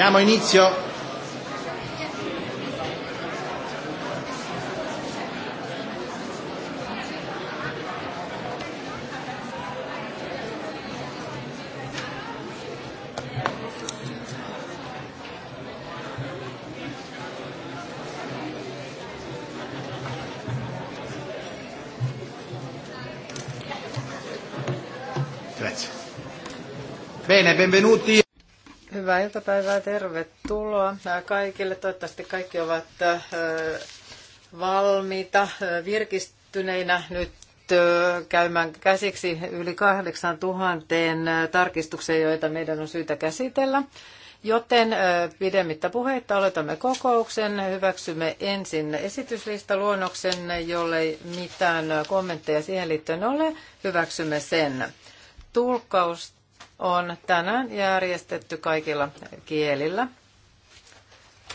Diamo inizio. Grazie. Bene, benvenuti. Hyvää iltapäivää, tervetuloa kaikille. Toivottavasti kaikki ovat valmiita virkistyneinä nyt käymään käsiksi yli 8000 tarkistukseen, joita meidän on syytä käsitellä. Joten pidemmittä puheitta aloitamme kokouksen. Hyväksymme ensin esityslistaluonnoksen, jolle mitään kommentteja siihen liittyen ole. Hyväksymme sen. Tulkkaus on tänään järjestetty kaikilla kielillä.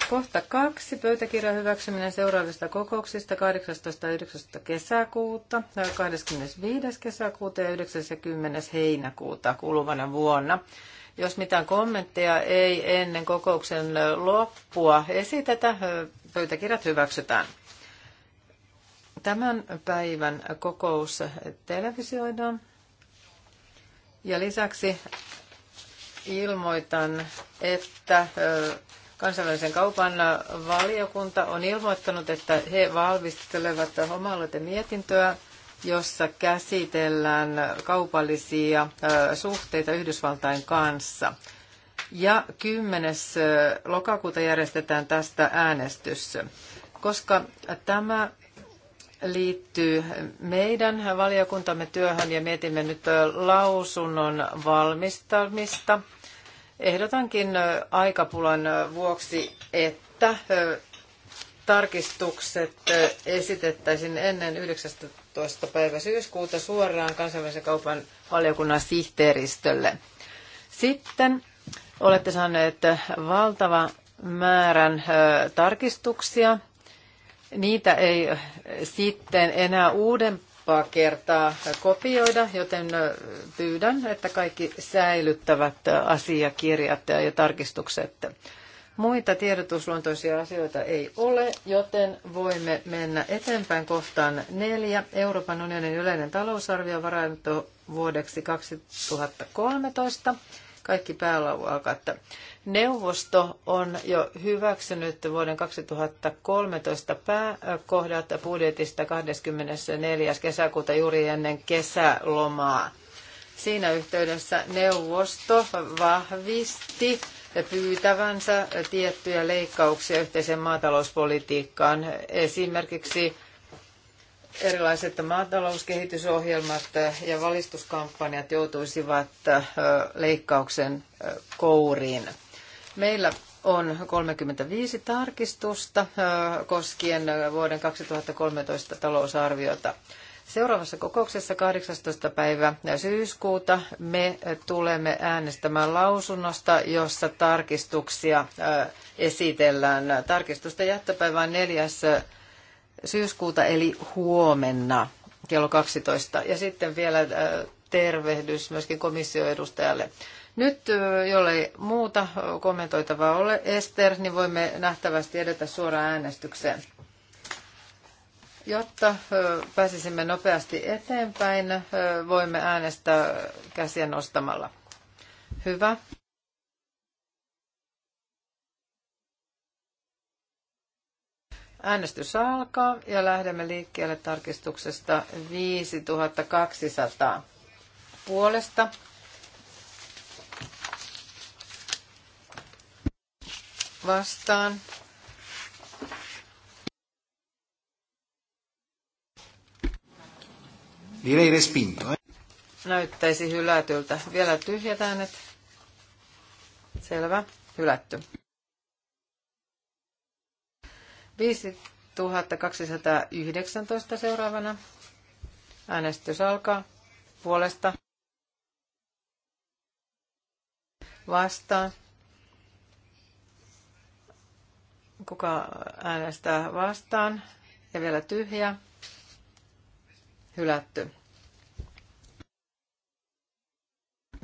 Kohta kaksi. Pöytäkirjan hyväksyminen seuraavista kokouksista 18. ja 19. kesäkuuta, 25. kesäkuuta ja 9. ja 10. heinäkuuta kuluvana vuonna. Jos mitään kommentteja ei ennen kokouksen loppua esitetä, pöytäkirjat hyväksytään. Tämän päivän kokous televisioidaan. Ja lisäksi ilmoitan, että kansainvälisen kaupan valiokunta on ilmoittanut, että he valmistelevat homaloiden mietintöä, jossa käsitellään kaupallisia suhteita Yhdysvaltain kanssa. Ja 10. lokakuuta järjestetään tästä äänestys. Koska tämä liittyy meidän valiokuntamme työhön ja mietimme nyt lausunnon valmistamista. Ehdotankin aikapulan vuoksi, että tarkistukset esitettäisiin ennen 19. päivä syyskuuta suoraan kansainvälisen kaupan valiokunnan sihteeristölle. Sitten olette saaneet valtavan määrän tarkistuksia niitä ei sitten enää uudempaa kertaa kopioida, joten pyydän, että kaikki säilyttävät asiakirjat ja tarkistukset. Muita tiedotusluontoisia asioita ei ole, joten voimme mennä eteenpäin kohtaan neljä. Euroopan unionin yleinen talousarvio varainto vuodeksi 2013. Kaikki pääluokat. Neuvosto on jo hyväksynyt vuoden 2013 pääkohdat budjetista 24. kesäkuuta juuri ennen kesälomaa. Siinä yhteydessä neuvosto vahvisti pyytävänsä tiettyjä leikkauksia yhteiseen maatalouspolitiikkaan. Esimerkiksi erilaiset maatalouskehitysohjelmat ja valistuskampanjat joutuisivat leikkauksen kouriin. Meillä on 35 tarkistusta koskien vuoden 2013 talousarviota. Seuraavassa kokouksessa 18. päivä syyskuuta me tulemme äänestämään lausunnosta, jossa tarkistuksia esitellään. Tarkistusten jättöpäivä on 4. syyskuuta eli huomenna kello 12. Ja sitten vielä tervehdys myöskin komissioedustajalle. edustajalle nyt, jollei muuta kommentoitavaa ole, Ester, niin voimme nähtävästi edetä suoraan äänestykseen. Jotta pääsisimme nopeasti eteenpäin, voimme äänestää käsiä nostamalla. Hyvä. Äänestys alkaa ja lähdemme liikkeelle tarkistuksesta 5200 puolesta vastaan. Direi respinto. Eh? Näyttäisi hylätyltä. Vielä tyhjät äänet. Selvä. Hylätty. 5219 seuraavana. Äänestys alkaa. Puolesta. Vastaan. Kuka äänestää vastaan? Ja vielä tyhjä. Hylätty.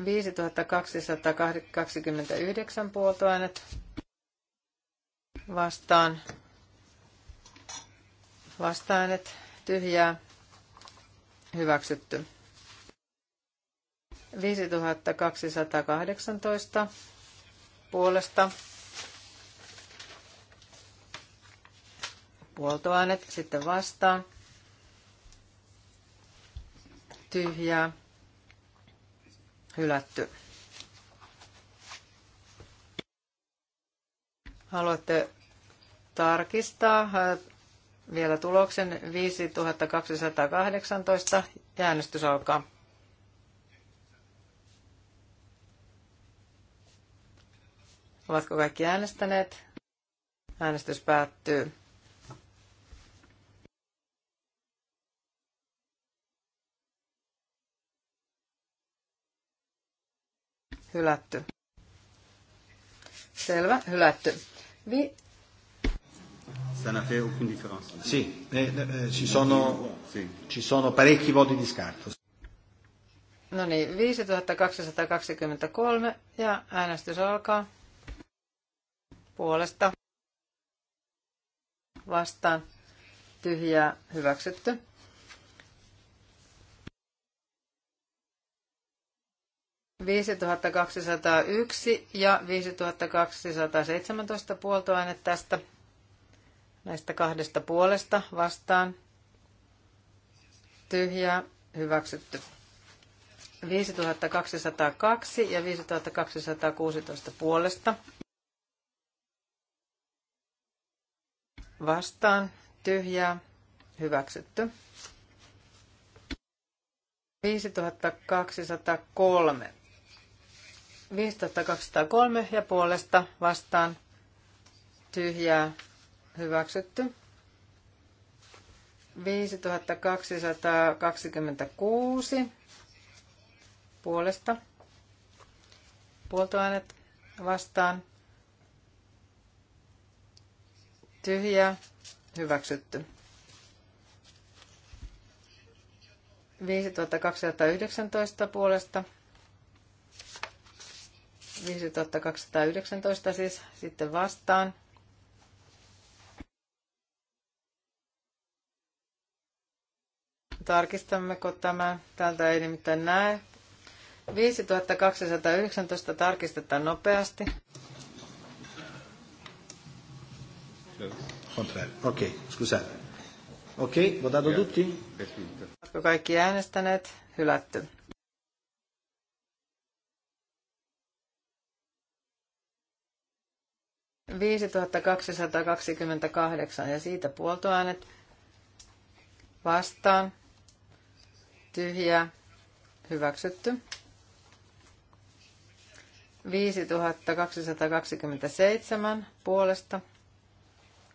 5229 puoltoäänet vastaan. Vastaäänet tyhjää. Hyväksytty. 5218 puolesta puoltoäänet, sitten vastaan, tyhjää, hylätty. Haluatte tarkistaa äh, vielä tuloksen 5218. Äänestys alkaa. Ovatko kaikki äänestäneet? Äänestys päättyy. Hylätty. Selvä, hylätty. Vi... Ça n'a fait aucune différence. Si, ne, eh, ne, eh, ci, sono, sì. ci sono parecchi voti di scarto. No niin, 5223 ja äänestys alkaa. Puolesta. Vastaan. Tyhjää hyväksytty. 5201 ja 5217 puoltoaine tästä näistä kahdesta puolesta vastaan. Tyhjää hyväksytty. 5202 ja 5216 puolesta. Vastaan tyhjää hyväksytty. 5203 5203 ja puolesta vastaan tyhjää hyväksytty. 5226 puolesta puoltoainet vastaan tyhjää hyväksytty. 5219 puolesta 5219 siis sitten vastaan. Tarkistammeko tämä? Täältä ei nimittäin näe. 5219 tarkistetaan nopeasti. Okei, okay, scusate. Okei, okay, tutti? Oletko kaikki äänestäneet? Hylätty. 5228 ja siitä puoltoäänet vastaan. tyhjä Hyväksytty. 5227 puolesta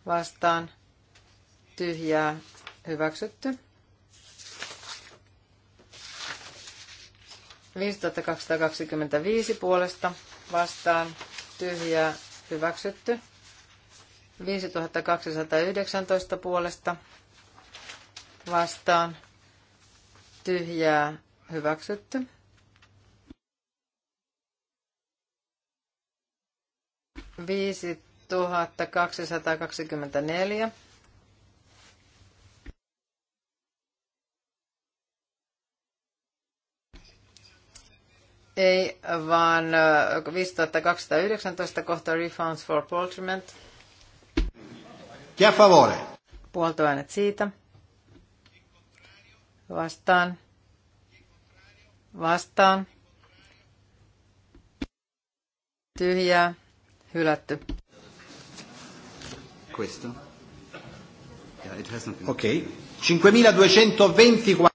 vastaan. Tyhjää. Hyväksytty. 5225 puolesta vastaan. Tyhjää hyväksytty. 5219 puolesta vastaan tyhjää hyväksytty. Viisi ei, vaan 5219 kohta Refunds for poultryment. Chi a favore? Puoltoäänet siitä. Vastaan. Vastaan. Tyhjää. Hylätty. Questo. Yeah, it has been... Okei. Okay. 5224.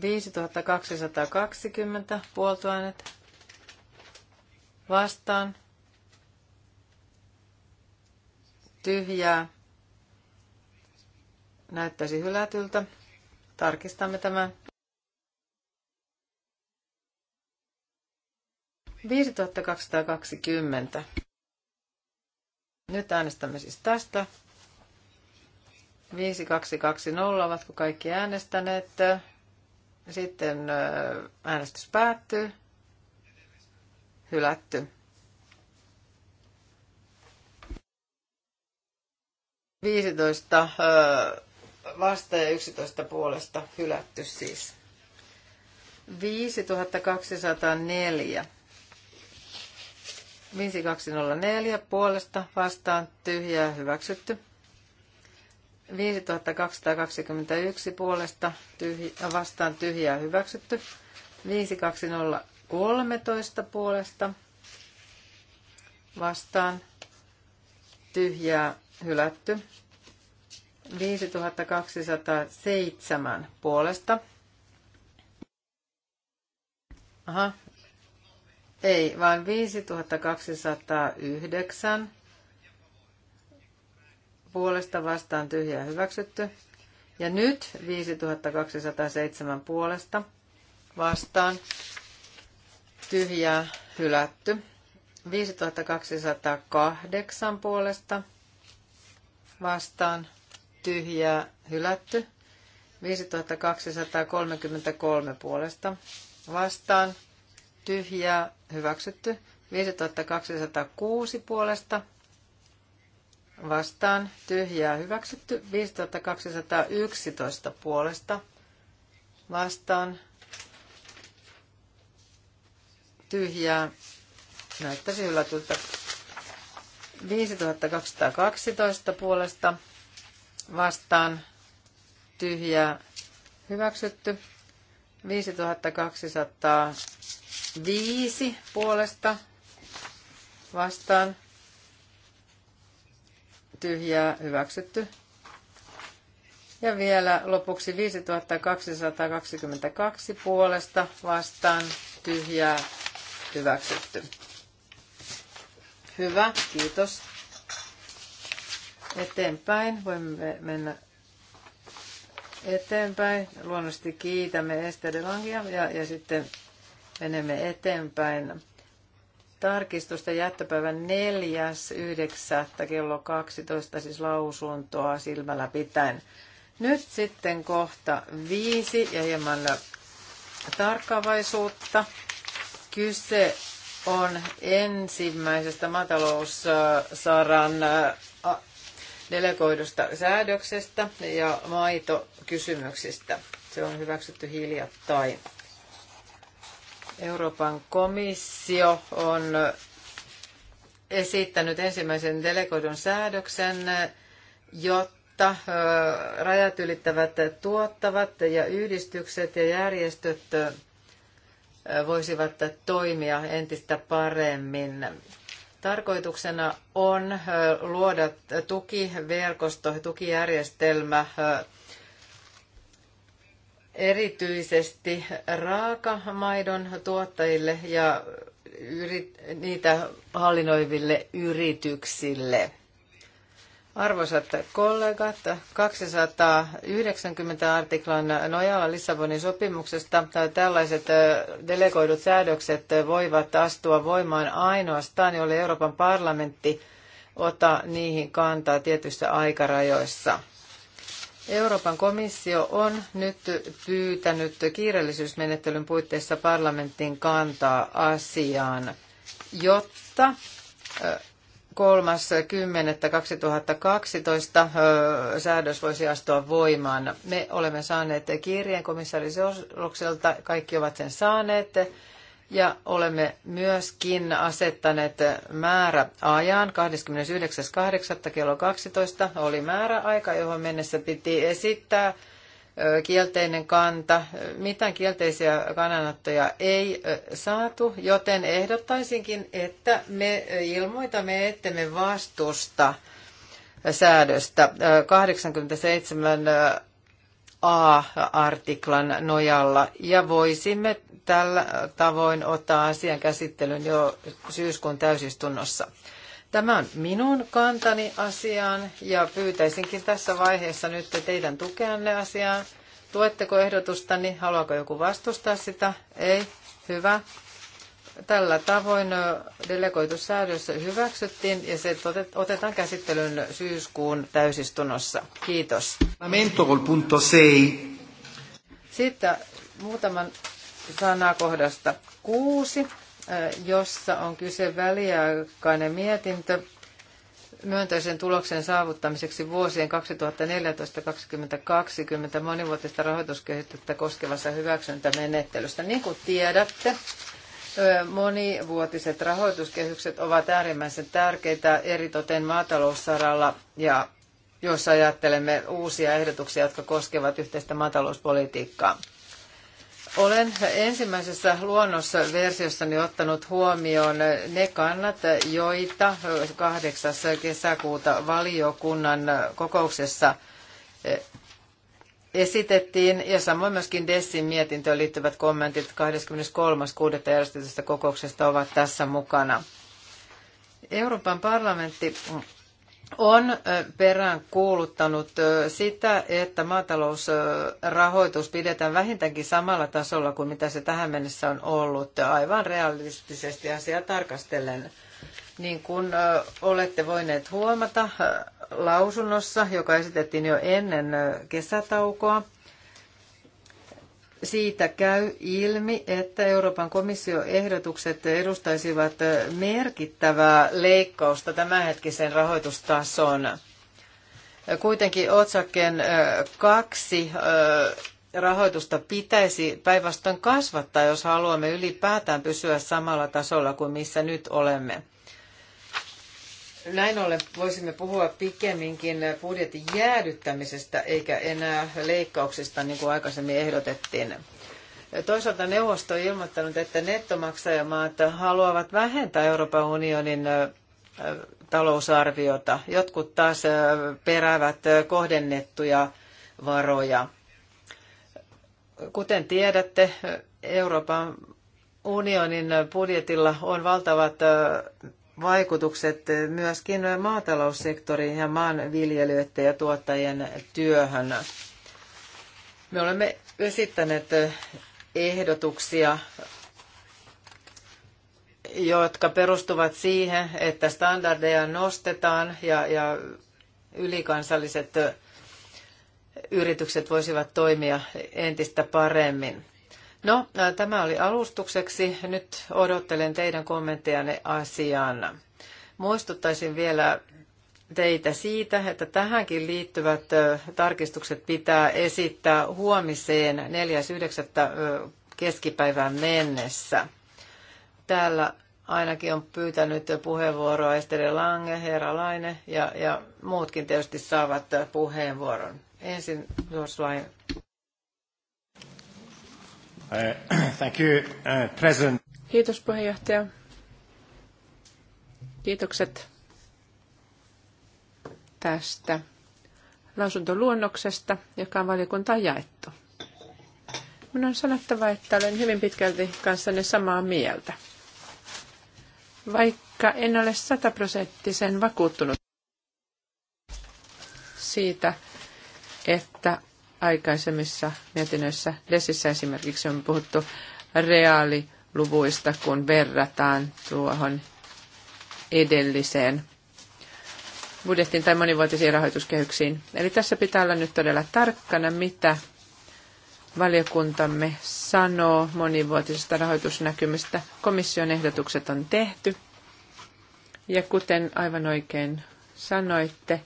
5220 puoltoaineet vastaan. Tyhjää. Näyttäisi hylätyltä. Tarkistamme tämän. 5220. Nyt äänestämme siis tästä. 5220, ovatko kaikki äänestäneet? Sitten äänestys päättyy. Hylätty. Viisitoista vasta ja 11 puolesta hylätty siis. 5204. 5204 puolesta vastaan tyhjää hyväksytty. 5221 puolesta tyhjä, vastaan tyhjää hyväksytty. 5213 puolesta vastaan tyhjää hylätty. 5207 puolesta. Aha. Ei, vaan 5209 puolesta vastaan tyhjä hyväksytty. Ja nyt 5207 puolesta vastaan tyhjää hylätty. 5208 puolesta vastaan tyhjää hylätty. 5233 puolesta vastaan tyhjää hyväksytty. 5206 puolesta vastaan tyhjää hyväksytty 5211 puolesta vastaan tyhjää näyttäisi hylätyltä 5212 puolesta vastaan tyhjää hyväksytty 5205 puolesta vastaan tyhjää hyväksytty. Ja vielä lopuksi 5222 puolesta vastaan tyhjää hyväksytty. Hyvä, kiitos. Eteenpäin voimme mennä eteenpäin. Luonnollisesti kiitämme Esterilangia ja, ja sitten menemme eteenpäin tarkistusta neljäs 4.9. kello 12, siis lausuntoa silmällä pitäen. Nyt sitten kohta viisi ja hieman tarkkaavaisuutta. Kyse on ensimmäisestä matalousaran äh, delegoidusta säädöksestä ja maitokysymyksistä. Se on hyväksytty hiljattain. Euroopan komissio on esittänyt ensimmäisen delegoidun säädöksen, jotta rajat ylittävät tuottavat ja yhdistykset ja järjestöt voisivat toimia entistä paremmin. Tarkoituksena on luoda tukiverkosto, tukijärjestelmä erityisesti raakamaidon tuottajille ja yrit- niitä hallinnoiville yrityksille. Arvoisat kollegat, 290 artiklan nojalla Lissabonin sopimuksesta tällaiset delegoidut säädökset voivat astua voimaan ainoastaan, jolle Euroopan parlamentti ottaa niihin kantaa tietyissä aikarajoissa. Euroopan komissio on nyt pyytänyt kiireellisyysmenettelyn puitteissa parlamentin kantaa asiaan, jotta 3.10.2012 säädös voisi astua voimaan. Me olemme saaneet kirjeen komissaari Sorokselta, kaikki ovat sen saaneet. Ja olemme myöskin asettaneet määräajan 29.8. kello 12 oli määräaika, johon mennessä piti esittää kielteinen kanta. Mitään kielteisiä kannanottoja ei saatu, joten ehdottaisinkin, että me ilmoitamme, että me vastusta säädöstä 87 A-artiklan nojalla ja voisimme tällä tavoin ottaa asian käsittelyn jo syyskuun täysistunnossa. Tämä on minun kantani asiaan ja pyytäisinkin tässä vaiheessa nyt teidän tukeanne asiaan. Tuetteko ehdotustani? Haluaako joku vastustaa sitä? Ei? Hyvä. Tällä tavoin delegoitu delegoitussäädös hyväksyttiin ja se otetaan käsittelyn syyskuun täysistunnossa. Kiitos. Sitten muutaman sanakohdasta kuusi, jossa on kyse väliaikainen mietintö myönteisen tuloksen saavuttamiseksi vuosien 2014-2020 monivuotista rahoituskehitystä koskevassa hyväksyntämenettelystä. Niin kuin tiedätte, monivuotiset rahoituskehykset ovat äärimmäisen tärkeitä eritoten maataloussaralla ja jos ajattelemme uusia ehdotuksia, jotka koskevat yhteistä maatalouspolitiikkaa. Olen ensimmäisessä luonnosversiossani ottanut huomioon ne kannat, joita 8. kesäkuuta valiokunnan kokouksessa eh, esitettiin, ja samoin myöskin Dessin mietintöön liittyvät kommentit 23.6. järjestetystä kokouksesta ovat tässä mukana. Euroopan parlamentti on perään kuuluttanut sitä, että maatalousrahoitus pidetään vähintäänkin samalla tasolla kuin mitä se tähän mennessä on ollut, aivan realistisesti asiaa tarkastellen. Niin kuin olette voineet huomata lausunnossa, joka esitettiin jo ennen kesätaukoa, siitä käy ilmi, että Euroopan komission ehdotukset edustaisivat merkittävää leikkausta tämänhetkisen rahoitustason. Kuitenkin otsakkeen kaksi rahoitusta pitäisi päinvastoin kasvattaa, jos haluamme ylipäätään pysyä samalla tasolla kuin missä nyt olemme. Näin ollen voisimme puhua pikemminkin budjetin jäädyttämisestä eikä enää leikkauksista, niin kuin aikaisemmin ehdotettiin. Toisaalta neuvosto on ilmoittanut, että nettomaksajamaat haluavat vähentää Euroopan unionin talousarviota. Jotkut taas peräävät kohdennettuja varoja. Kuten tiedätte, Euroopan unionin budjetilla on valtavat vaikutukset myöskin maataloussektoriin ja maanviljelijöiden ja tuottajien työhön. Me olemme esittäneet ehdotuksia, jotka perustuvat siihen, että standardeja nostetaan ja, ja ylikansalliset yritykset voisivat toimia entistä paremmin. No, äh, tämä oli alustukseksi. Nyt odottelen teidän kommenttejanne asiaan. Muistuttaisin vielä teitä siitä, että tähänkin liittyvät äh, tarkistukset pitää esittää huomiseen 4.9. Äh, keskipäivän mennessä. Täällä ainakin on pyytänyt puheenvuoroa Esteri Lange, Herra Laine ja, ja muutkin tietysti saavat puheenvuoron. Ensin Jos vain. Uh, thank you, uh, president. Kiitos puheenjohtaja. Kiitokset tästä lausuntoluonnoksesta, joka on valiokuntaan jaettu. Minun on sanottava, että olen hyvin pitkälti kanssanne samaa mieltä. Vaikka en ole sataprosenttisen vakuuttunut siitä, että aikaisemmissa mietinnöissä Desissä esimerkiksi on puhuttu reaaliluvuista, kun verrataan tuohon edelliseen budjettiin tai monivuotisiin rahoituskehyksiin. Eli tässä pitää olla nyt todella tarkkana, mitä valiokuntamme sanoo monivuotisista rahoitusnäkymistä. Komission ehdotukset on tehty. Ja kuten aivan oikein sanoitte,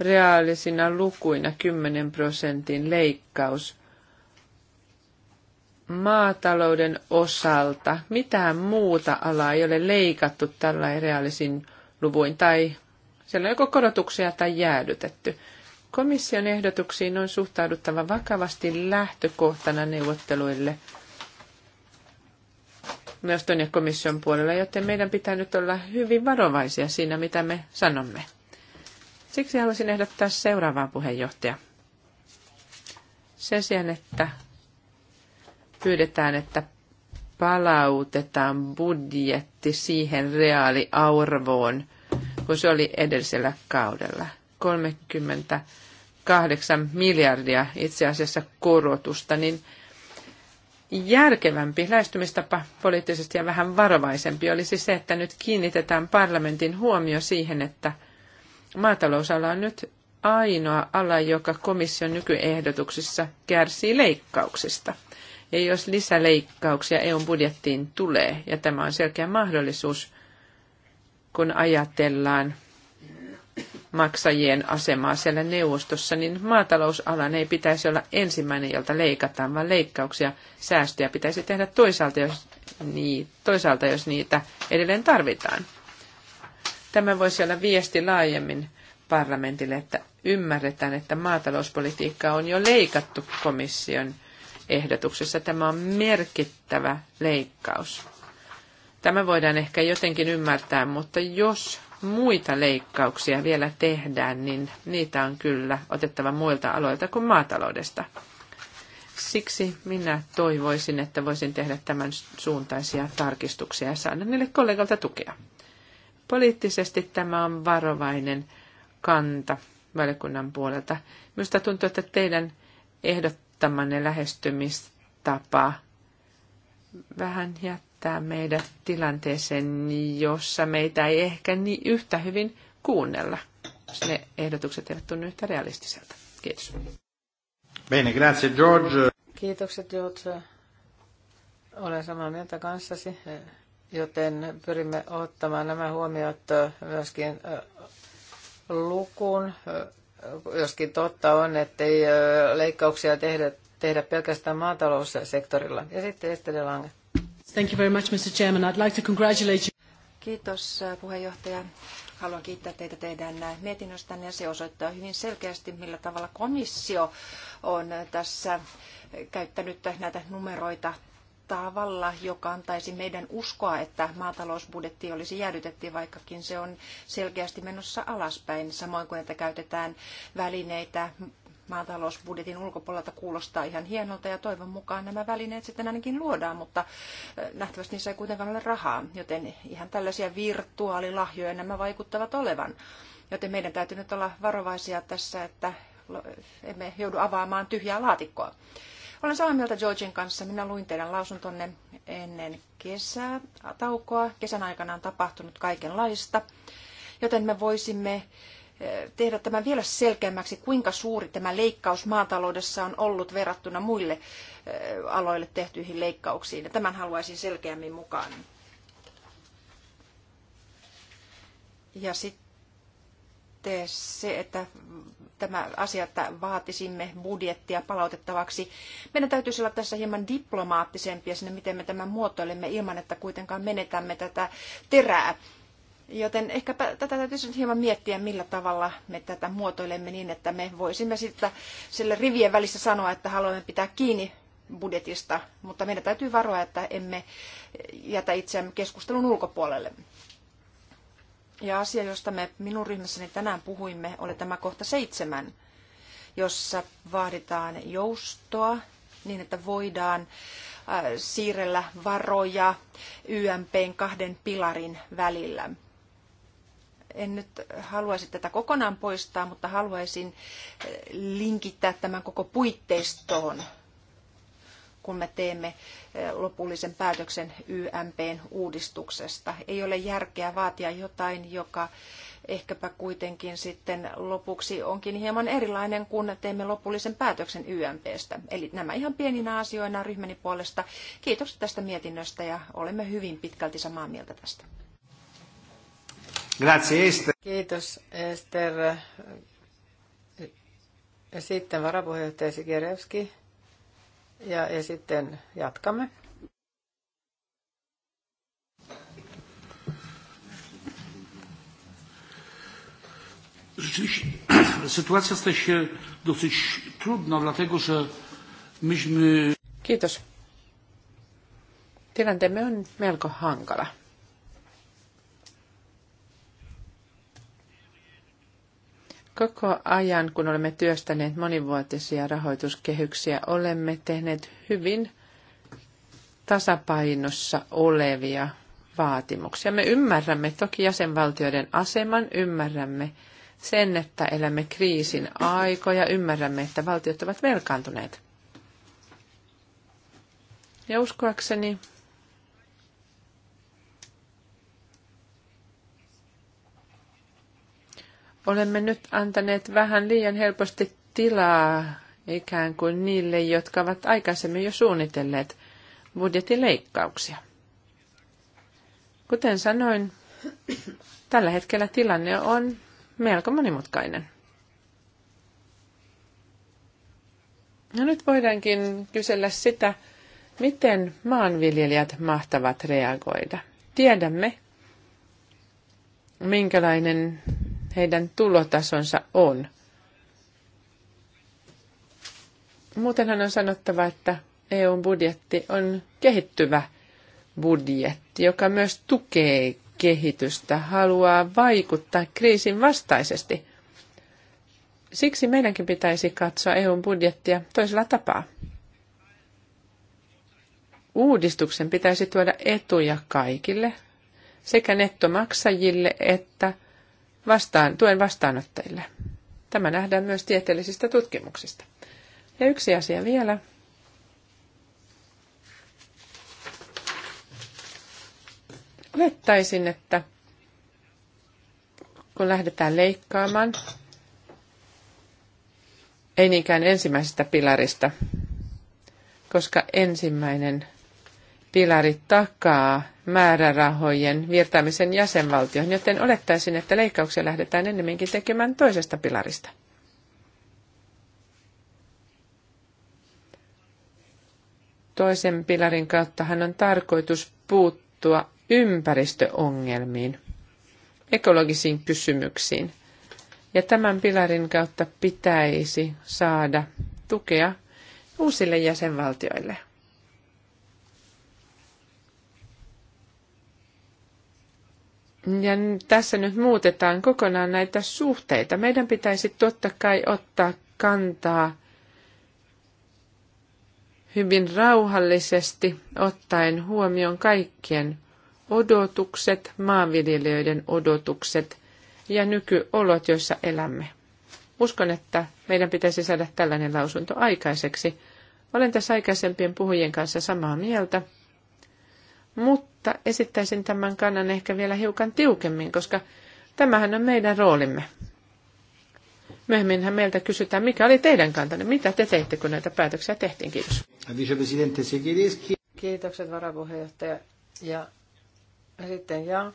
reaalisina lukuina 10 prosentin leikkaus maatalouden osalta. Mitään muuta alaa ei ole leikattu tällä reaalisin luvuin tai siellä on joko korotuksia tai jäädytetty. Komission ehdotuksiin on suhtauduttava vakavasti lähtökohtana neuvotteluille myös ja komission puolella, joten meidän pitää nyt olla hyvin varovaisia siinä, mitä me sanomme. Siksi haluaisin ehdottaa seuraavaa puheenjohtaja. Sen sijaan, että pyydetään, että palautetaan budjetti siihen reaaliarvoon, kun se oli edellisellä kaudella. 38 miljardia itse asiassa korotusta, niin järkevämpi lähestymistapa poliittisesti ja vähän varovaisempi olisi se, että nyt kiinnitetään parlamentin huomio siihen, että – maatalousala on nyt ainoa ala, joka komission nykyehdotuksissa kärsii leikkauksista. Ja jos lisäleikkauksia EUn budjettiin tulee, ja tämä on selkeä mahdollisuus, kun ajatellaan maksajien asemaa siellä neuvostossa, niin maatalousalan ei pitäisi olla ensimmäinen, jolta leikataan, vaan leikkauksia, säästöjä pitäisi tehdä toisaalta, jos, nii, toisaalta, jos niitä edelleen tarvitaan. Tämä voisi olla viesti laajemmin parlamentille, että ymmärretään, että maatalouspolitiikkaa on jo leikattu komission ehdotuksessa. Tämä on merkittävä leikkaus. Tämä voidaan ehkä jotenkin ymmärtää, mutta jos muita leikkauksia vielä tehdään, niin niitä on kyllä otettava muilta aloilta kuin maataloudesta. Siksi minä toivoisin, että voisin tehdä tämän suuntaisia tarkistuksia ja saada niille kollegalta tukea. Poliittisesti tämä on varovainen kanta valiokunnan puolelta. Minusta tuntuu, että teidän ehdottamanne lähestymistapa vähän jättää meidät tilanteeseen, jossa meitä ei ehkä niin yhtä hyvin kuunnella. Ne ehdotukset eivät tunnu yhtä realistiselta. Kiitos. Bene, grazie George. Kiitokset George. Olen samaa mieltä kanssasi joten pyrimme ottamaan nämä huomiot myöskin lukuun. Joskin totta on, että ei leikkauksia tehdä, tehdä pelkästään maataloussektorilla. Ja sitten Estelle Lange. Thank you very much, Mr. Chairman. I'd like to congratulate you. Kiitos puheenjohtaja. Haluan kiittää teitä teidän mietinnöstänne ja se osoittaa hyvin selkeästi, millä tavalla komissio on tässä käyttänyt näitä numeroita tavalla, joka antaisi meidän uskoa, että maatalousbudjetti olisi jäädytetty, vaikkakin se on selkeästi menossa alaspäin, samoin kuin että käytetään välineitä maatalousbudjetin ulkopuolelta kuulostaa ihan hienolta ja toivon mukaan nämä välineet sitten ainakin luodaan, mutta nähtävästi niissä ei kuitenkaan ole rahaa, joten ihan tällaisia virtuaalilahjoja nämä vaikuttavat olevan. Joten meidän täytyy nyt olla varovaisia tässä, että emme joudu avaamaan tyhjää laatikkoa. Olen samaa mieltä Georgin kanssa. Minä luin teidän lausuntonne ennen kesää, taukoa. Kesän aikana on tapahtunut kaikenlaista, joten me voisimme eh, tehdä tämän vielä selkeämmäksi, kuinka suuri tämä leikkaus maataloudessa on ollut verrattuna muille eh, aloille tehtyihin leikkauksiin. Ja tämän haluaisin selkeämmin mukaan. Ja sitten se, että tämä asia, että vaatisimme budjettia palautettavaksi. Meidän täytyisi olla tässä hieman diplomaattisempia sinne, miten me tämän muotoilemme ilman, että kuitenkaan menetämme tätä terää. Joten ehkä tätä täytyisi nyt hieman miettiä, millä tavalla me tätä muotoilemme niin, että me voisimme sitten sille rivien välissä sanoa, että haluamme pitää kiinni budjetista, mutta meidän täytyy varoa, että emme jätä itseämme keskustelun ulkopuolelle. Ja asia, josta me minun ryhmässäni tänään puhuimme, oli tämä kohta seitsemän, jossa vaaditaan joustoa niin, että voidaan äh, siirrellä varoja YMPn kahden pilarin välillä. En nyt haluaisi tätä kokonaan poistaa, mutta haluaisin äh, linkittää tämän koko puitteistoon kun me teemme eh, lopullisen päätöksen YMPn uudistuksesta. Ei ole järkeä vaatia jotain, joka ehkäpä kuitenkin sitten lopuksi onkin hieman erilainen, kun teemme lopullisen päätöksen YMPstä. Eli nämä ihan pieninä asioina ryhmäni puolesta. Kiitos tästä mietinnöstä ja olemme hyvin pitkälti samaa mieltä tästä. Grazie Kiitos Ester. Sitten varapuheenjohtaja Sikerevski. Ja, ja sitten jatkamme. sytuacja staje się dosyć trudna, dlatego że myśmy... Kiitos. Tilanteemme on melko hankala. Koko ajan, kun olemme työstäneet monivuotisia rahoituskehyksiä, olemme tehneet hyvin tasapainossa olevia vaatimuksia. Me ymmärrämme toki jäsenvaltioiden aseman, ymmärrämme sen, että elämme kriisin aikoja, ymmärrämme, että valtiot ovat velkaantuneet. Ja uskoakseni Olemme nyt antaneet vähän liian helposti tilaa ikään kuin niille, jotka ovat aikaisemmin jo suunnitelleet budjetileikkauksia. Kuten sanoin, tällä hetkellä tilanne on melko monimutkainen. No nyt voidaankin kysellä sitä, miten maanviljelijät mahtavat reagoida. Tiedämme, minkälainen heidän tulotasonsa on. Muutenhan on sanottava, että EUn budjetti on kehittyvä budjetti, joka myös tukee kehitystä, haluaa vaikuttaa kriisin vastaisesti. Siksi meidänkin pitäisi katsoa EUn budjettia toisella tapaa. Uudistuksen pitäisi tuoda etuja kaikille, sekä nettomaksajille että – vastaan, tuen vastaanottajille. Tämä nähdään myös tieteellisistä tutkimuksista. Ja yksi asia vielä. Olettaisin, että kun lähdetään leikkaamaan, ei niinkään ensimmäisestä pilarista, koska ensimmäinen pilari takaa määrärahojen virtaamisen jäsenvaltioihin, joten olettaisin, että leikkauksia lähdetään ennemminkin tekemään toisesta pilarista. Toisen pilarin kauttahan on tarkoitus puuttua ympäristöongelmiin, ekologisiin kysymyksiin. Ja tämän pilarin kautta pitäisi saada tukea uusille jäsenvaltioille. Ja tässä nyt muutetaan kokonaan näitä suhteita. Meidän pitäisi totta kai ottaa kantaa hyvin rauhallisesti ottaen huomioon kaikkien odotukset, maanviljelijöiden odotukset ja nykyolot, joissa elämme. Uskon, että meidän pitäisi saada tällainen lausunto aikaiseksi. Olen tässä aikaisempien puhujien kanssa samaa mieltä, mutta mutta esittäisin tämän kannan ehkä vielä hiukan tiukemmin, koska tämähän on meidän roolimme. Myöhemminhän meiltä kysytään, mikä oli teidän kantanne, mitä te teitte, kun näitä päätöksiä tehtiin. Kiitos. Kiitokset varapuheenjohtaja. Ja sitten Jan.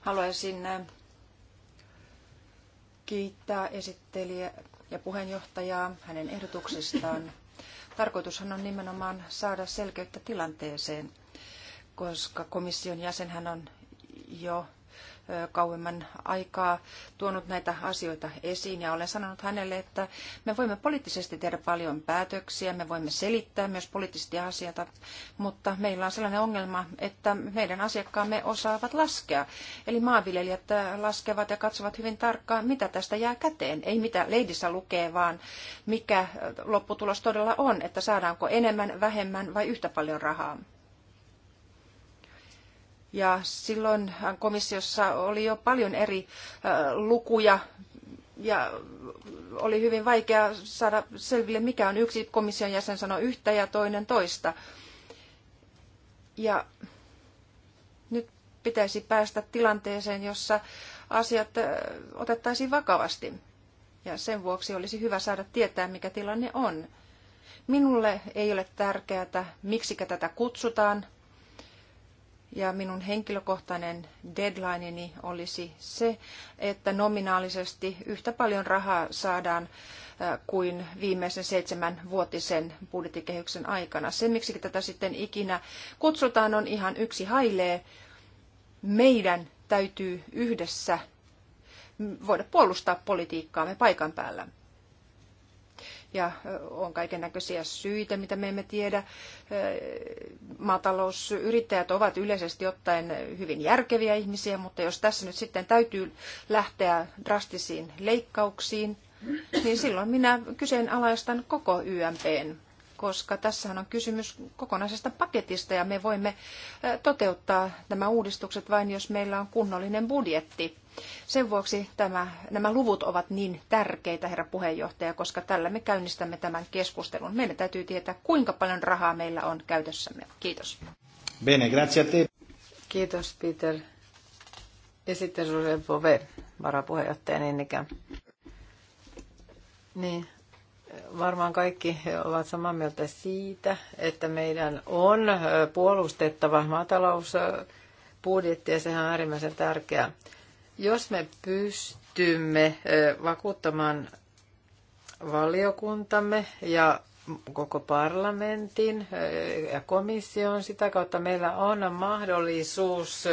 Haluaisin äh, kiittää esittelijä ja puheenjohtajaa hänen ehdotuksestaan Tarkoitushan on nimenomaan saada selkeyttä tilanteeseen, koska komission jäsenhän on jo kauemman aikaa tuonut näitä asioita esiin ja olen sanonut hänelle, että me voimme poliittisesti tehdä paljon päätöksiä, me voimme selittää myös poliittisesti asioita, mutta meillä on sellainen ongelma, että meidän asiakkaamme osaavat laskea. Eli maanviljelijät laskevat ja katsovat hyvin tarkkaan, mitä tästä jää käteen. Ei mitä leidissä lukee, vaan mikä lopputulos todella on, että saadaanko enemmän, vähemmän vai yhtä paljon rahaa. Ja silloin komissiossa oli jo paljon eri lukuja ja oli hyvin vaikea saada selville, mikä on yksi komission jäsen sanoi yhtä ja toinen toista. Ja nyt pitäisi päästä tilanteeseen, jossa asiat otettaisiin vakavasti. Ja sen vuoksi olisi hyvä saada tietää, mikä tilanne on. Minulle ei ole tärkeää, miksi tätä kutsutaan, ja minun henkilökohtainen deadlineini olisi se, että nominaalisesti yhtä paljon rahaa saadaan kuin viimeisen seitsemän vuotisen budjettikehyksen aikana. Se, miksi tätä sitten ikinä kutsutaan, on ihan yksi hailee. Meidän täytyy yhdessä voida puolustaa politiikkaamme paikan päällä ja on kaiken näköisiä syitä, mitä me emme tiedä. Maatalousyrittäjät ovat yleisesti ottaen hyvin järkeviä ihmisiä, mutta jos tässä nyt sitten täytyy lähteä drastisiin leikkauksiin, niin silloin minä kyseenalaistan koko YMPn koska tässähän on kysymys kokonaisesta paketista ja me voimme toteuttaa nämä uudistukset vain, jos meillä on kunnollinen budjetti. Sen vuoksi tämä, nämä luvut ovat niin tärkeitä, herra puheenjohtaja, koska tällä me käynnistämme tämän keskustelun. Meidän täytyy tietää, kuinka paljon rahaa meillä on käytössämme. Kiitos. Bene, grazie a te. Kiitos, Peter. Ja sitten Jose varapuheenjohtaja niin ikään. Niin, varmaan kaikki ovat samaa mieltä siitä, että meidän on puolustettava maatalousbudjetti ja sehän on äärimmäisen tärkeää. Jos me pystymme vakuuttamaan valiokuntamme ja koko parlamentin ja komission, sitä kautta meillä on mahdollisuus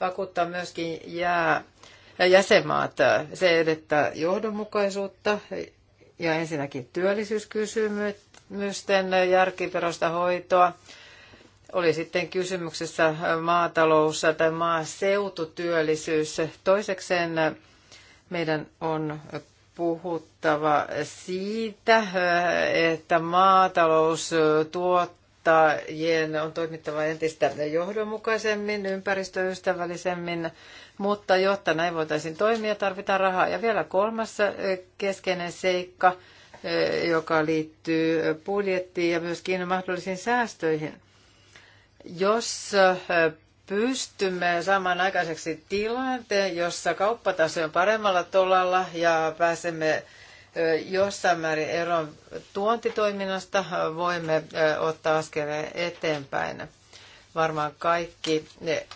vakuuttaa myöskin jää jäsenmaat. Se edettää johdonmukaisuutta ja ensinnäkin työllisyyskysymysten järkiperäistä hoitoa. Oli sitten kysymyksessä maatalous tai maaseututyöllisyys. Toisekseen meidän on puhuttava siitä, että maatalous tuottaa on toimittava entistä johdonmukaisemmin, ympäristöystävällisemmin mutta jotta näin voitaisiin toimia, tarvitaan rahaa. Ja vielä kolmas keskeinen seikka, joka liittyy budjettiin ja myöskin mahdollisiin säästöihin. Jos pystymme saamaan aikaiseksi tilanteen, jossa kauppatase on paremmalla tolalla ja pääsemme jossain määrin eron tuontitoiminnasta, voimme ottaa askeleen eteenpäin. Varmaan kaikki ne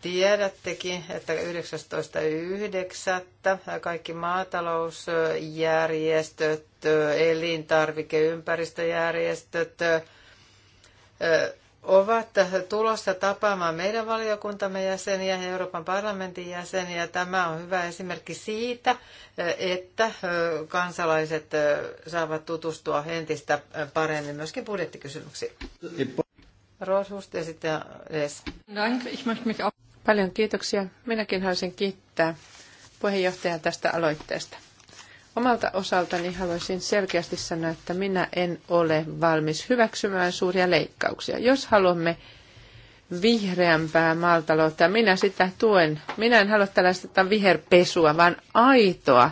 tiedättekin, että 19.9. kaikki maatalousjärjestöt, elintarvikeympäristöjärjestöt ovat tulossa tapaamaan meidän valiokuntamme jäseniä ja Euroopan parlamentin jäseniä. Tämä on hyvä esimerkki siitä, että kansalaiset saavat tutustua entistä paremmin myöskin budjettikysymyksiin sitten Paljon kiitoksia. Minäkin haluaisin kiittää puheenjohtajaa tästä aloitteesta. Omalta osaltani haluaisin selkeästi sanoa, että minä en ole valmis hyväksymään suuria leikkauksia. Jos haluamme vihreämpää maataloutta, minä sitä tuen. Minä en halua tällaista viherpesua, vaan aitoa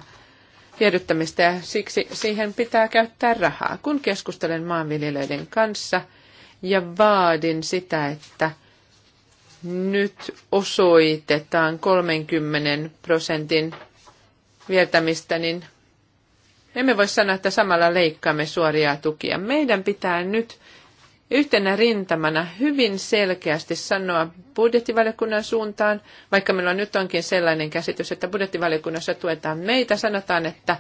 hyödyttämistä ja siksi siihen pitää käyttää rahaa. Kun keskustelen maanviljelijöiden kanssa – ja vaadin sitä, että nyt osoitetaan 30 prosentin vietämistä, niin emme voi sanoa, että samalla leikkaamme suoria tukia. Meidän pitää nyt yhtenä rintamana hyvin selkeästi sanoa budjettivaliokunnan suuntaan, vaikka meillä nyt onkin sellainen käsitys, että budjettivaliokunnassa tuetaan meitä, sanotaan, että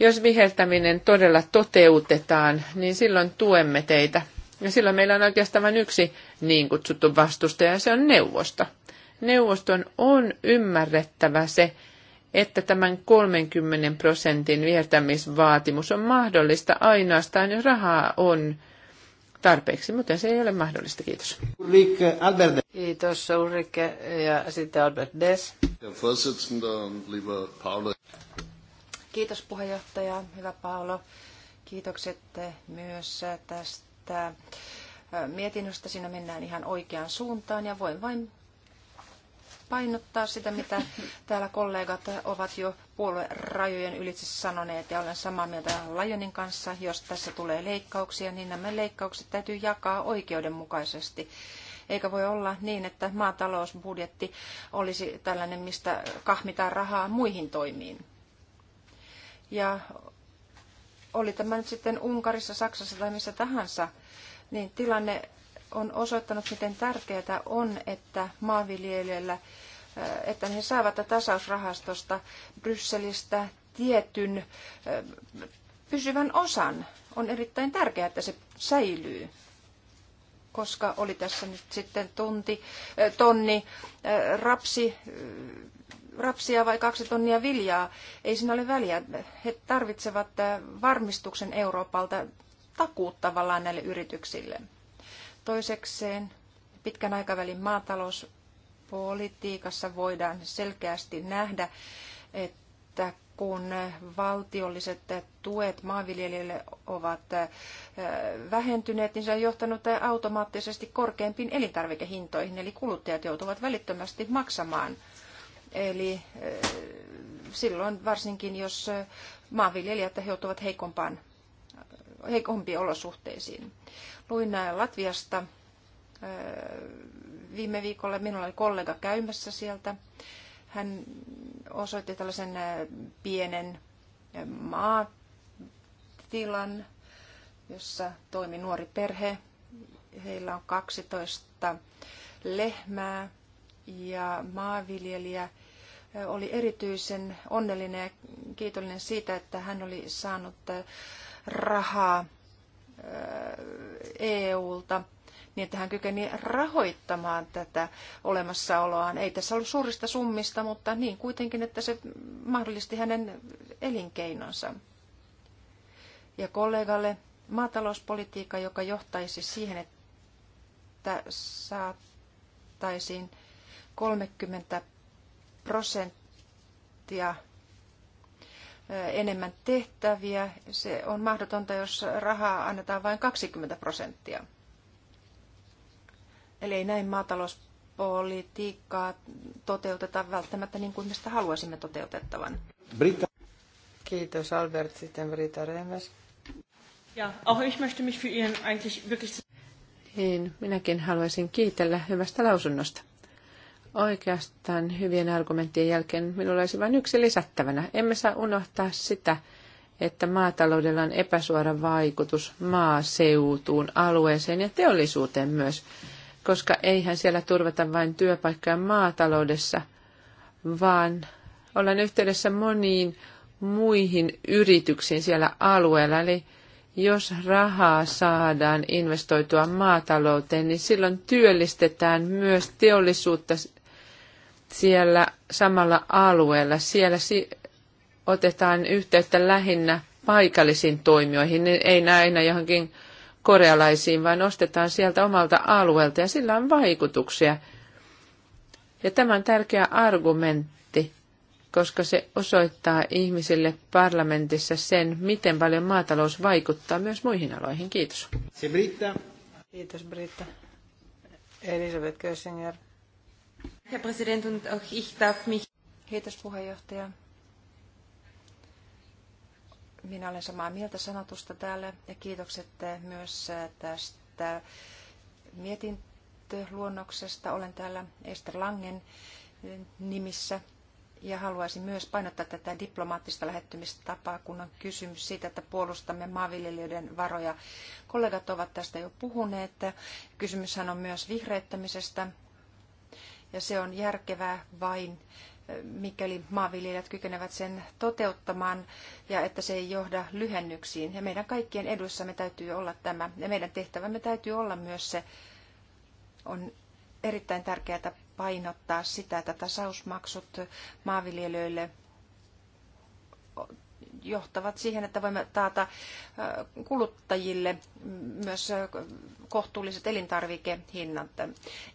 jos viheltäminen todella toteutetaan, niin silloin tuemme teitä. Ja silloin meillä on oikeastaan vain yksi niin kutsuttu vastustaja, ja se on neuvosto. Neuvoston on ymmärrettävä se, että tämän 30 prosentin viertämisvaatimus on mahdollista ainoastaan, jos rahaa on tarpeeksi, mutta se ei ole mahdollista. Kiitos. Ulrike Albert. Kiitos Ulrike ja sitten Albert Des. Kiitos puheenjohtaja, hyvä Paolo. Kiitokset myös tästä mietinnöstä. Siinä mennään ihan oikeaan suuntaan ja voin vain painottaa sitä, mitä täällä kollegat ovat jo rajojen ylitse sanoneet ja olen samaa mieltä Lajonin kanssa. Jos tässä tulee leikkauksia, niin nämä leikkaukset täytyy jakaa oikeudenmukaisesti. Eikä voi olla niin, että maatalousbudjetti olisi tällainen, mistä kahmitaan rahaa muihin toimiin. Ja oli tämä nyt sitten Unkarissa, Saksassa tai missä tahansa, niin tilanne on osoittanut, miten tärkeää on, että maanviljelijöillä, äh, että he saavat tasausrahastosta Brysselistä tietyn äh, pysyvän osan. On erittäin tärkeää, että se säilyy, koska oli tässä nyt sitten tunti, äh, tonni rapsi rapsia vai kaksi tonnia viljaa, ei siinä ole väliä. He tarvitsevat eh, varmistuksen Euroopalta takuut tavallaan näille yrityksille. Toisekseen pitkän aikavälin maatalouspolitiikassa voidaan selkeästi nähdä, että kun valtiolliset tuet maanviljelijöille ovat eh, vähentyneet, niin se on johtanut automaattisesti korkeampiin elintarvikehintoihin, eli kuluttajat joutuvat välittömästi maksamaan – Eli eh, silloin varsinkin, jos eh, maanviljelijät joutuvat heikompaan, eh, heikompiin olosuhteisiin. Luin Latviasta viime viikolla, minulla oli kollega käymässä sieltä. Hän osoitti tällaisen pienen maatilan, jossa toimi nuori perhe. Heillä on 12 lehmää ja maanviljelijä – oli erityisen onnellinen ja kiitollinen siitä, että hän oli saanut äh, rahaa äh, EUlta niin, että hän kykeni rahoittamaan tätä olemassaoloaan. Ei tässä ollut suurista summista, mutta niin kuitenkin, että se mahdollisti hänen elinkeinonsa. Ja kollegalle maatalouspolitiikka, joka johtaisi siihen, että saataisiin 30 prosenttia enemmän tehtäviä. Se on mahdotonta, jos rahaa annetaan vain 20 prosenttia. Eli ei näin maatalouspolitiikkaa toteuteta välttämättä niin kuin me sitä haluaisimme toteutettavan. Brita. Kiitos Albert, sitten Brita Remes. Ja, auch ich möchte mich für Ihren eigentlich wirklich... Niin, minäkin haluaisin kiitellä hyvästä lausunnosta. Oikeastaan hyvien argumenttien jälkeen minulla olisi vain yksi lisättävänä. Emme saa unohtaa sitä, että maataloudella on epäsuora vaikutus maaseutuun, alueeseen ja teollisuuteen myös, koska eihän siellä turvata vain työpaikkoja maataloudessa, vaan ollaan yhteydessä moniin muihin yrityksiin siellä alueella. Eli jos rahaa saadaan investoitua maatalouteen, niin silloin työllistetään myös teollisuutta siellä samalla alueella. Siellä otetaan yhteyttä lähinnä paikallisiin toimijoihin, ei aina johonkin korealaisiin, vaan ostetaan sieltä omalta alueelta ja sillä on vaikutuksia. Ja tämä on tärkeä argumentti, koska se osoittaa ihmisille parlamentissa sen, miten paljon maatalous vaikuttaa myös muihin aloihin. Kiitos. Se Britta. Kiitos Britta. Elisabeth Kössinger. Herr Präsident, und auch ich darf mich... Kiitos puheenjohtaja. Minä olen samaa mieltä sanotusta täällä ja kiitokset myös äh, tästä mietintöluonnoksesta. Olen täällä Ester Langen äh, nimissä ja haluaisin myös painottaa tätä diplomaattista lähettymistapaa, kun on kysymys siitä, että puolustamme maanviljelijöiden varoja. Kollegat ovat tästä jo puhuneet. Kysymyshän on myös vihreyttämisestä ja se on järkevää vain, mikäli maanviljelijät kykenevät sen toteuttamaan ja että se ei johda lyhennyksiin. Ja meidän kaikkien edussamme täytyy olla tämä. Ja meidän tehtävämme täytyy olla myös se, on erittäin tärkeää painottaa sitä, että tasausmaksut maanviljelijöille – johtavat siihen, että voimme taata kuluttajille myös kohtuulliset elintarvikehinnat.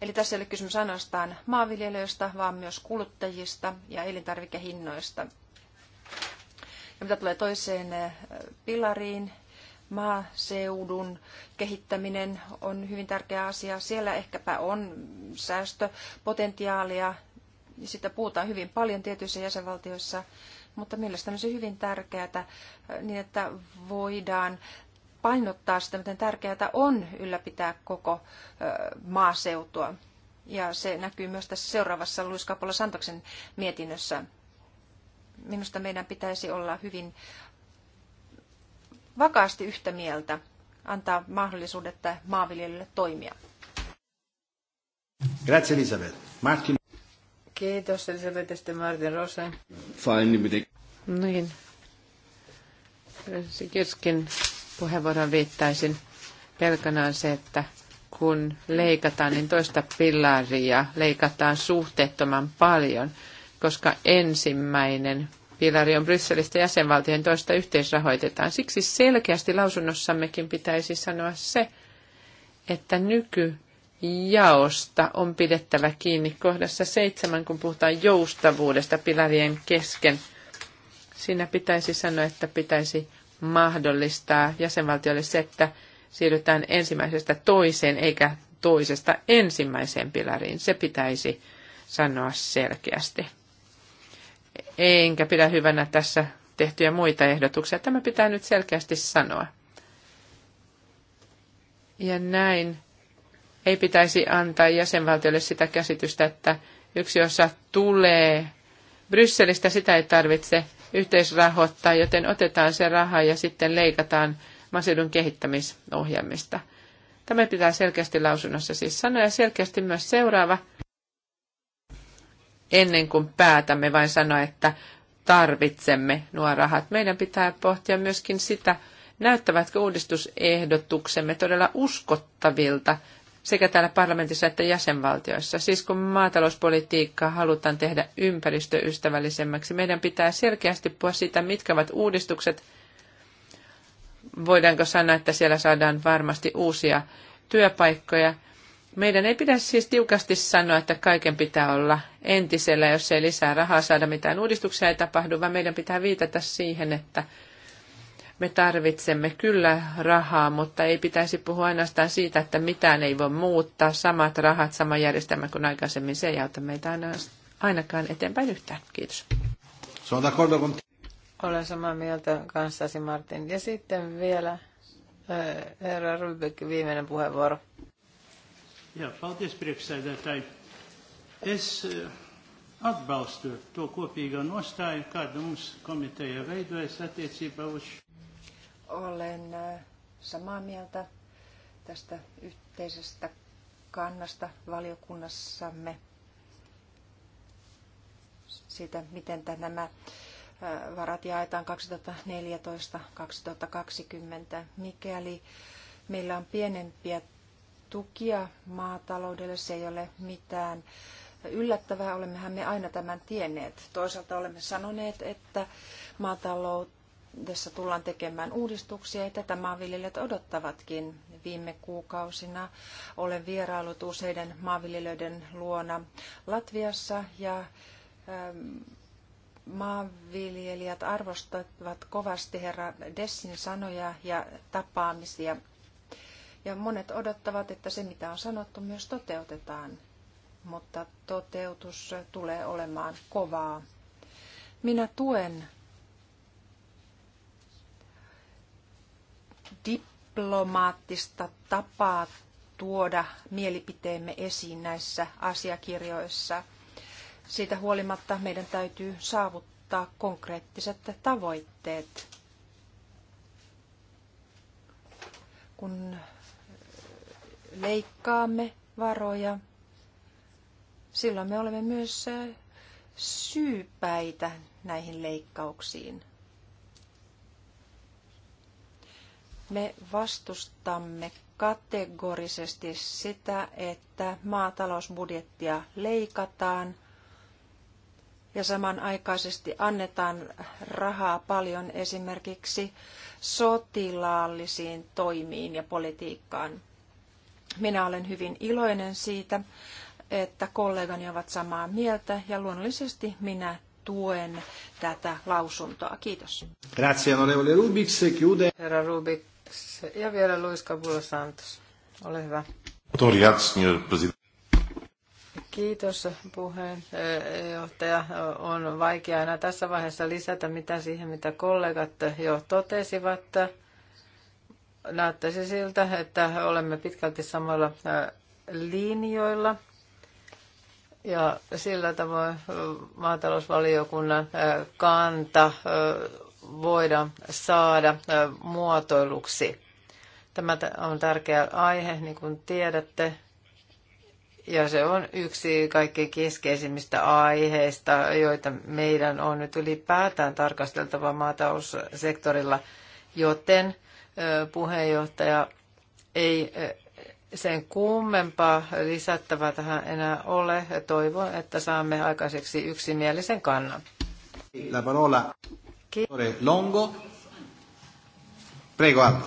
Eli tässä ei ole kysymys ainoastaan maanviljelijöistä, vaan myös kuluttajista ja elintarvikehinnoista. Ja mitä tulee toiseen pilariin, maaseudun kehittäminen on hyvin tärkeä asia. Siellä ehkäpä on säästöpotentiaalia, sitä puhutaan hyvin paljon tietyissä jäsenvaltioissa, mutta mielestäni se hyvin tärkeää niin, että voidaan painottaa sitä, miten tärkeää on ylläpitää koko maaseutua. Ja se näkyy myös tässä seuraavassa Luis Kapola Santoksen mietinnössä. Minusta meidän pitäisi olla hyvin vakaasti yhtä mieltä, antaa mahdollisuudet maanviljelijöille toimia. Grazie Elisabeth. Martin. Kiitos Elisabeth Martin Rose. Fine, Niin. niin. Kesken puheenvuoron viittaisin pelkänään se, että kun leikataan, niin toista pilaria leikataan suhteettoman paljon, koska ensimmäinen pilari on Brysselistä jäsenvaltioiden niin toista yhteisrahoitetaan. Siksi selkeästi lausunnossammekin pitäisi sanoa se, että nyky jaosta on pidettävä kiinni kohdassa seitsemän, kun puhutaan joustavuudesta pilarien kesken. Siinä pitäisi sanoa, että pitäisi mahdollistaa jäsenvaltioille se, että siirrytään ensimmäisestä toiseen eikä toisesta ensimmäiseen pilariin. Se pitäisi sanoa selkeästi. Enkä pidä hyvänä tässä tehtyjä muita ehdotuksia. Tämä pitää nyt selkeästi sanoa. Ja näin ei pitäisi antaa jäsenvaltiolle sitä käsitystä, että yksi osa tulee Brysselistä, sitä ei tarvitse yhteisrahoittaa, joten otetaan se raha ja sitten leikataan maaseudun kehittämisohjelmista. Tämä pitää selkeästi lausunnossa siis sanoa ja selkeästi myös seuraava, ennen kuin päätämme vain sanoa, että tarvitsemme nuo rahat. Meidän pitää pohtia myöskin sitä, näyttävätkö uudistusehdotuksemme todella uskottavilta sekä täällä parlamentissa että jäsenvaltioissa. Siis kun maatalouspolitiikkaa halutaan tehdä ympäristöystävällisemmäksi, meidän pitää selkeästi puhua siitä, mitkä ovat uudistukset. Voidaanko sanoa, että siellä saadaan varmasti uusia työpaikkoja. Meidän ei pidä siis tiukasti sanoa, että kaiken pitää olla entisellä, jos ei lisää rahaa saada mitään uudistuksia ei tapahdu, vaan meidän pitää viitata siihen, että – me tarvitsemme kyllä rahaa, mutta ei pitäisi puhua ainoastaan siitä, että mitään ei voi muuttaa. Samat rahat, sama järjestelmä kuin aikaisemmin, se ei auta meitä ainakaan eteenpäin yhtään. Kiitos. Olen samaa mieltä kanssasi, Martin. Ja sitten vielä eh, herra Rubik, viimeinen puheenvuoro. Ja, paldies Es eh, atbalstu to kopīgo nostāju, kādu mums komiteja veidojas attiecībā uz olen samaa mieltä tästä yhteisestä kannasta valiokunnassamme siitä, miten nämä varat jaetaan 2014-2020. Mikäli meillä on pienempiä tukia maataloudelle, se ei ole mitään yllättävää, olemmehan me aina tämän tienneet. Toisaalta olemme sanoneet, että maataloutta jossa tullaan tekemään uudistuksia, ja tätä maanviljelijät odottavatkin. Viime kuukausina olen vieraillut useiden maanviljelijöiden luona Latviassa, ja ähm, maanviljelijät arvostavat kovasti herra Dessin sanoja ja tapaamisia. Ja monet odottavat, että se mitä on sanottu myös toteutetaan, mutta toteutus tulee olemaan kovaa. Minä tuen diplomaattista tapaa tuoda mielipiteemme esiin näissä asiakirjoissa. Siitä huolimatta meidän täytyy saavuttaa konkreettiset tavoitteet. Kun leikkaamme varoja, silloin me olemme myös syypäitä näihin leikkauksiin. Me vastustamme kategorisesti sitä, että maatalousbudjettia leikataan ja samanaikaisesti annetaan rahaa paljon esimerkiksi sotilaallisiin toimiin ja politiikkaan. Minä olen hyvin iloinen siitä, että kollegani ovat samaa mieltä ja luonnollisesti minä tuen tätä lausuntoa. Kiitos. Grazie, onorevole Rubiks. Chiude. Herra Kiitoksia. Ja vielä Luis Cabulo Santos. Ole hyvä. Kiitos puheenjohtaja. Eh, On vaikea aina tässä vaiheessa lisätä mitä siihen, mitä kollegat jo totesivat. Näyttäisi siltä, että olemme pitkälti samoilla eh, linjoilla. Ja sillä tavoin eh, maatalousvaliokunnan kanta voida saada muotoiluksi. Tämä on tärkeä aihe, niin kuin tiedätte, ja se on yksi kaikkein keskeisimmistä aiheista, joita meidän on nyt ylipäätään tarkasteltava maataloussektorilla, joten puheenjohtaja ei sen kummempaa lisättävää tähän enää ole. Toivon, että saamme aikaiseksi yksimielisen kannan. La parola. Longo. Prego, Aldo.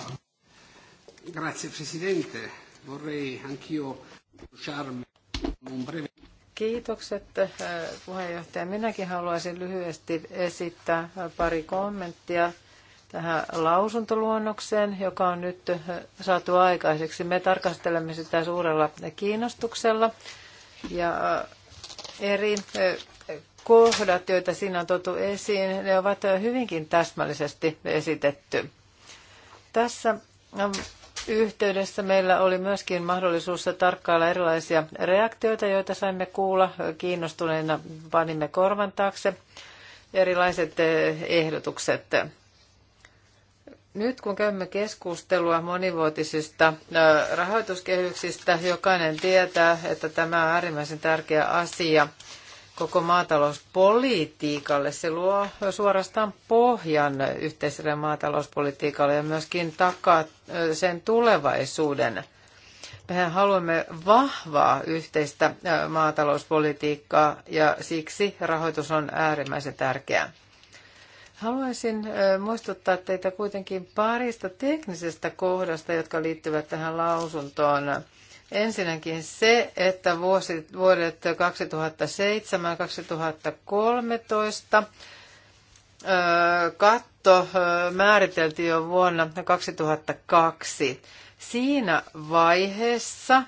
Grazie, Presidente. Vorrei anch'io bruciarmi un breve... Kiitokset eh, puheenjohtaja. Minäkin haluaisin lyhyesti esittää pari kommenttia tähän lausuntoluonnokseen, joka on nyt eh, saatu aikaiseksi. Me tarkastelemme sitä suurella kiinnostuksella ja eh, eri kohdat, joita siinä on tuotu esiin, ne ovat hyvinkin täsmällisesti esitetty. Tässä ähm, yhteydessä meillä oli myöskin mahdollisuus tarkkailla erilaisia reaktioita, joita saimme kuulla. Kiinnostuneena panimme korvan taakse erilaiset eh, ehdotukset. Nyt kun käymme keskustelua monivuotisista äh, rahoituskehyksistä, jokainen tietää, että tämä on äärimmäisen tärkeä asia – koko maatalouspolitiikalle. Se luo suorastaan pohjan yhteiselle maatalouspolitiikalle ja myöskin takaa sen tulevaisuuden. Mehän haluamme vahvaa yhteistä maatalouspolitiikkaa ja siksi rahoitus on äärimmäisen tärkeää. Haluaisin muistuttaa teitä kuitenkin parista teknisestä kohdasta, jotka liittyvät tähän lausuntoon. Ensinnäkin se, että vuosit, vuodet 2007-2013 katto määriteltiin jo vuonna 2002. Siinä vaiheessa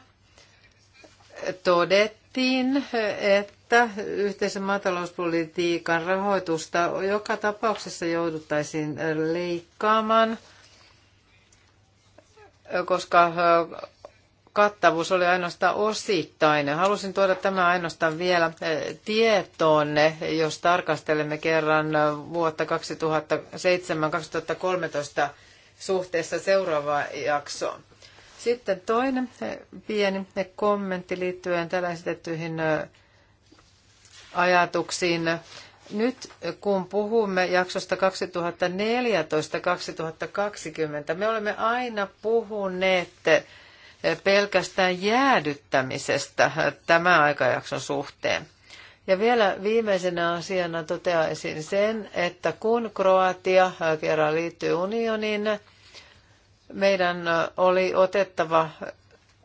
todettiin, että yhteisen maatalouspolitiikan rahoitusta joka tapauksessa jouduttaisiin leikkaamaan, koska kattavuus oli ainoastaan osittainen. Halusin tuoda tämä ainoastaan vielä eh, tietoonne, jos tarkastelemme kerran vuotta 2007-2013 suhteessa seuraavaan jaksoon. Sitten toinen eh, pieni eh, kommentti liittyen tällä esitettyihin ajatuksiin. Nyt kun puhumme jaksosta 2014-2020, me olemme aina puhuneet pelkästään jäädyttämisestä tämän aikajakson suhteen. Ja vielä viimeisenä asiana toteaisin sen, että kun Kroatia kerran liittyy unioniin, meidän oli otettava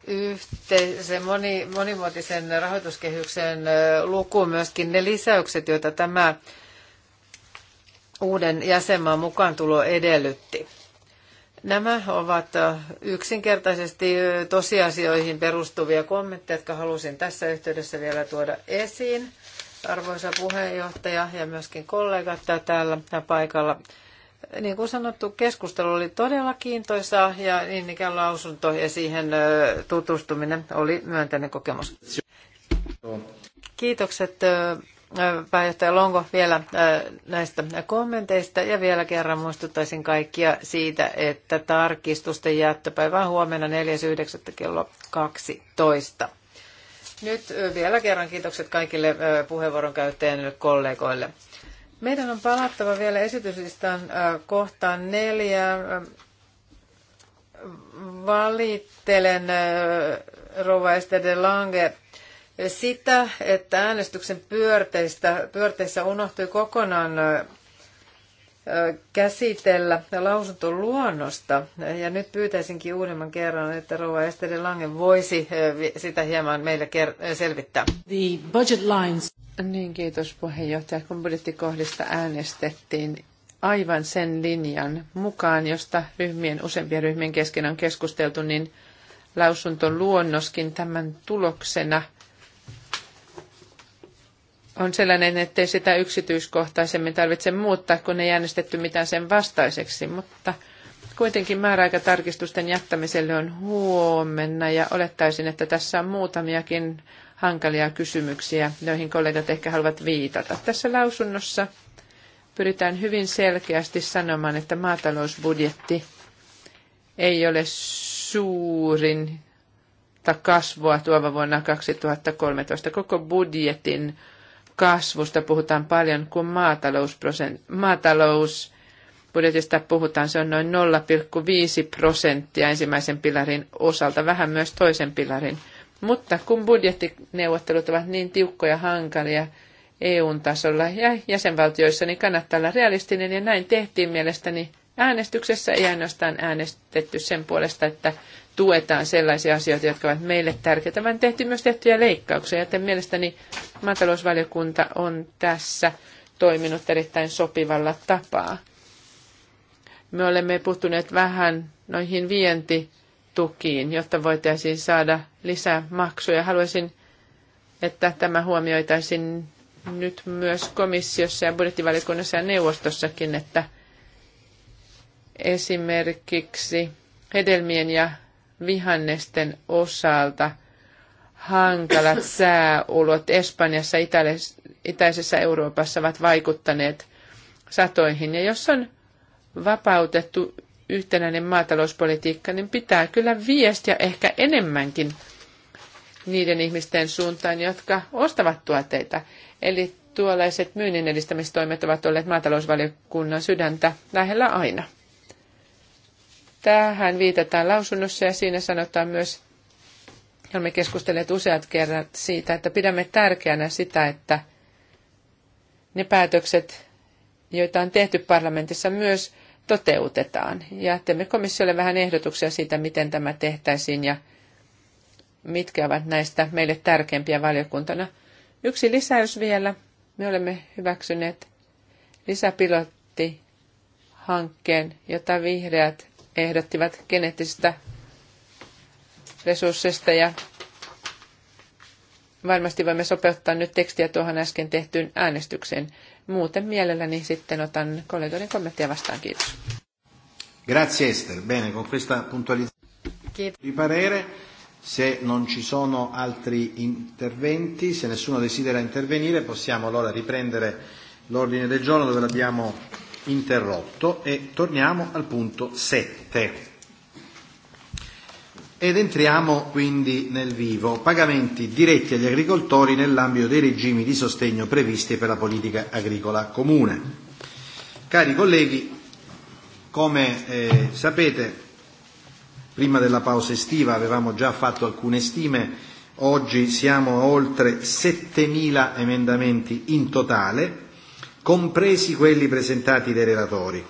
yhteisen moni, monimuotisen rahoituskehyksen lukuun myöskin ne lisäykset, joita tämä uuden jäsenmaan mukaantulo edellytti. Nämä ovat yksinkertaisesti tosiasioihin perustuvia kommentteja, jotka halusin tässä yhteydessä vielä tuoda esiin. Arvoisa puheenjohtaja ja myöskin kollegat täällä paikalla. Niin kuin sanottu, keskustelu oli todella kiintoisa ja niin ikään lausunto ja siihen tutustuminen oli myönteinen kokemus. Kiitokset pääjohtaja Lonko vielä näistä kommenteista ja vielä kerran muistuttaisin kaikkia siitä, että tarkistusten jättöpäivä on huomenna 4.9. kello 12. Nyt vielä kerran kiitokset kaikille puheenvuoron käyttäjille kollegoille. Meidän on palattava vielä esityslistan kohtaan neljä. Valittelen rouva Estede Lange sitä, että äänestyksen pyörteistä, pyörteissä unohtui kokonaan käsitellä lausuntoluonnosta. Ja nyt pyytäisinkin uudemman kerran, että rouva Esteri Lange voisi sitä hieman meille selvittää. The budget lines. Niin, kiitos puheenjohtaja. Kun budjettikohdista äänestettiin aivan sen linjan mukaan, josta ryhmien, useampien ryhmien kesken on keskusteltu, niin lausuntoluonnoskin tämän tuloksena – on sellainen, ettei sitä yksityiskohtaisemmin tarvitse muuttaa, kun ei äänestetty mitään sen vastaiseksi, mutta kuitenkin määräaikatarkistusten jättämiselle on huomenna ja olettaisin, että tässä on muutamiakin hankalia kysymyksiä, joihin kollegat ehkä haluavat viitata. Tässä lausunnossa pyritään hyvin selkeästi sanomaan, että maatalousbudjetti ei ole suurin kasvua tuova vuonna 2013. Koko budjetin kasvusta puhutaan paljon, kun maatalousbudjetista puhutaan. Se on noin 0,5 prosenttia ensimmäisen pilarin osalta, vähän myös toisen pilarin. Mutta kun budjettineuvottelut ovat niin tiukkoja hankalia eu tasolla ja jäsenvaltioissa, niin kannattaa olla realistinen ja näin tehtiin mielestäni äänestyksessä ei ainoastaan äänestetty sen puolesta, että tuetaan sellaisia asioita, jotka ovat meille tärkeitä, vaan tehty myös tehtyjä leikkauksia, joten mielestäni maatalousvaliokunta on tässä toiminut erittäin sopivalla tapaa. Me olemme puuttuneet vähän noihin vientitukiin, jotta voitaisiin saada lisää maksuja. Haluaisin, että tämä huomioitaisiin nyt myös komissiossa ja budjettivaliokunnassa ja neuvostossakin, että esimerkiksi hedelmien ja vihannesten osalta hankalat sääolot Espanjassa, itäisessä Euroopassa ovat vaikuttaneet satoihin. Ja jos on vapautettu yhtenäinen maatalouspolitiikka, niin pitää kyllä viestiä ehkä enemmänkin niiden ihmisten suuntaan, jotka ostavat tuotteita. Eli tuollaiset myynnin edistämistoimet ovat olleet maatalousvaliokunnan sydäntä lähellä aina. Tähän viitataan lausunnossa ja siinä sanotaan myös, olemme keskustelleet useat kerrat siitä, että pidämme tärkeänä sitä, että ne päätökset, joita on tehty parlamentissa, myös toteutetaan. Ja teemme komissiolle vähän ehdotuksia siitä, miten tämä tehtäisiin ja mitkä ovat näistä meille tärkeimpiä valiokuntana. Yksi lisäys vielä. Me olemme hyväksyneet lisäpilottihankkeen, jota vihreät ehdottivat geneettisistä resursseista ja varmasti voimme sopeuttaa nyt tekstiä tuohon äsken tehtyyn äänestykseen. Muuten mielelläni sitten otan kollegoiden kommentteja vastaan. Kiitos. Grazie Esther. Bene, con questa puntualizzazione di parere, se non ci sono altri interventi, se nessuno desidera intervenire, possiamo allora riprendere l'ordine del giorno dove l'abbiamo interrotto e torniamo al punto 7. Ed entriamo quindi nel vivo. Pagamenti diretti agli agricoltori nell'ambito dei regimi di sostegno previsti per la politica agricola comune. Cari colleghi, come eh, sapete, prima della pausa estiva avevamo già fatto alcune stime, oggi siamo a oltre 7.000 emendamenti in totale compresi quelli presentati dai relatori.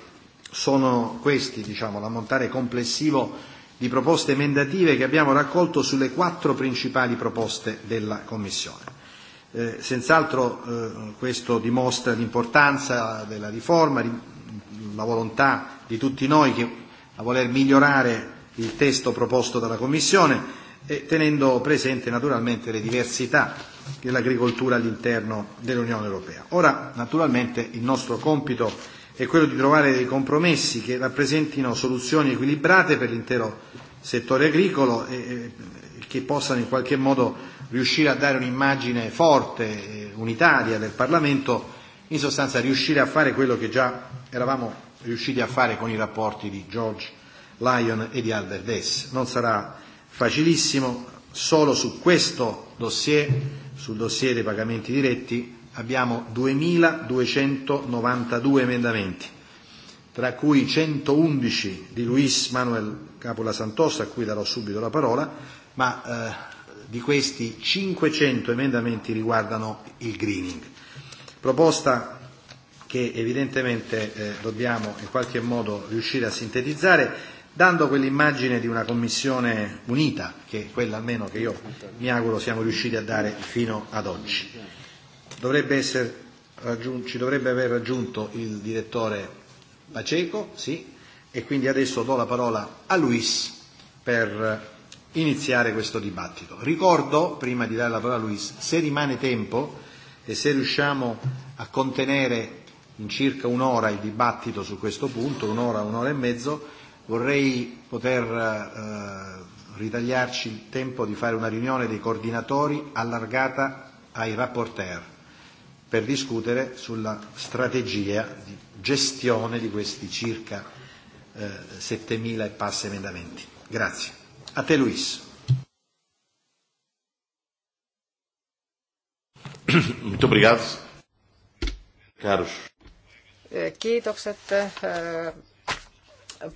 Sono questi, diciamo, l'ammontare complessivo di proposte emendative che abbiamo raccolto sulle quattro principali proposte della Commissione. Eh, senz'altro eh, questo dimostra l'importanza della riforma, la volontà di tutti noi che, a voler migliorare il testo proposto dalla Commissione, eh, tenendo presente naturalmente le diversità dell'agricoltura all'interno dell'Unione Europea. Ora, naturalmente, il nostro compito è quello di trovare dei compromessi che rappresentino soluzioni equilibrate per l'intero settore agricolo e, e, e che possano in qualche modo riuscire a dare un'immagine forte, e unitaria del Parlamento, in sostanza riuscire a fare quello che già eravamo riusciti a fare con i rapporti di George Lyon e di Albert Dess. Non sarà facilissimo, solo su questo dossier sul dossier dei pagamenti diretti abbiamo 2.292 emendamenti, tra cui 111 di Luis Manuel Capola Santossa, a cui darò subito la parola, ma eh, di questi 500 emendamenti riguardano il greening. Proposta che evidentemente eh, dobbiamo in qualche modo riuscire a sintetizzare dando quell'immagine di una commissione unita, che è quella almeno che io mi auguro siamo riusciti a dare fino ad oggi. Dovrebbe essere ci dovrebbe aver raggiunto il direttore Paceco, sì, e quindi adesso do la parola a Luis per iniziare questo dibattito. Ricordo, prima di dare la parola a Luis, se rimane tempo e se riusciamo a contenere in circa un'ora il dibattito su questo punto, un'ora, un'ora e mezzo, Vorrei poter eh, ritagliarci il tempo di fare una riunione dei coordinatori allargata ai rapporteur per discutere sulla strategia di gestione di questi circa eh, 7.000 e passa emendamenti. Grazie. A te Luis. Muito obrigado, caros. Eh, kiitokset eh,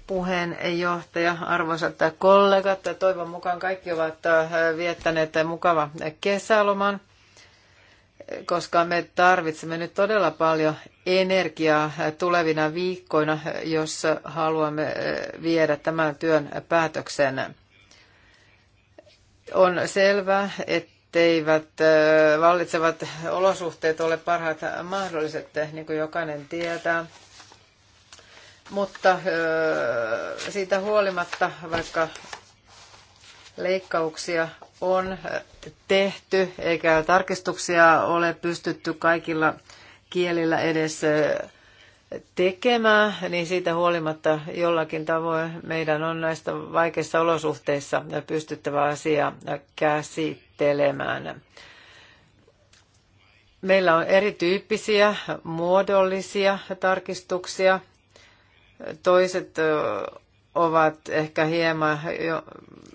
puheenjohtaja, arvoisat kollegat. Toivon mukaan kaikki ovat äh, viettäneet mukava kesäloman, koska me tarvitsemme nyt todella paljon energiaa tulevina viikkoina, jos haluamme äh, viedä tämän työn päätöksen. On selvää, etteivät äh, vallitsevat olosuhteet ole parhaat mahdolliset, niin kuin jokainen tietää. Mutta siitä huolimatta, vaikka leikkauksia on tehty eikä tarkistuksia ole pystytty kaikilla kielillä edes tekemään, niin siitä huolimatta jollakin tavoin meidän on näistä vaikeissa olosuhteissa pystyttävä asia käsittelemään. Meillä on erityyppisiä muodollisia tarkistuksia – Toiset ovat ehkä hieman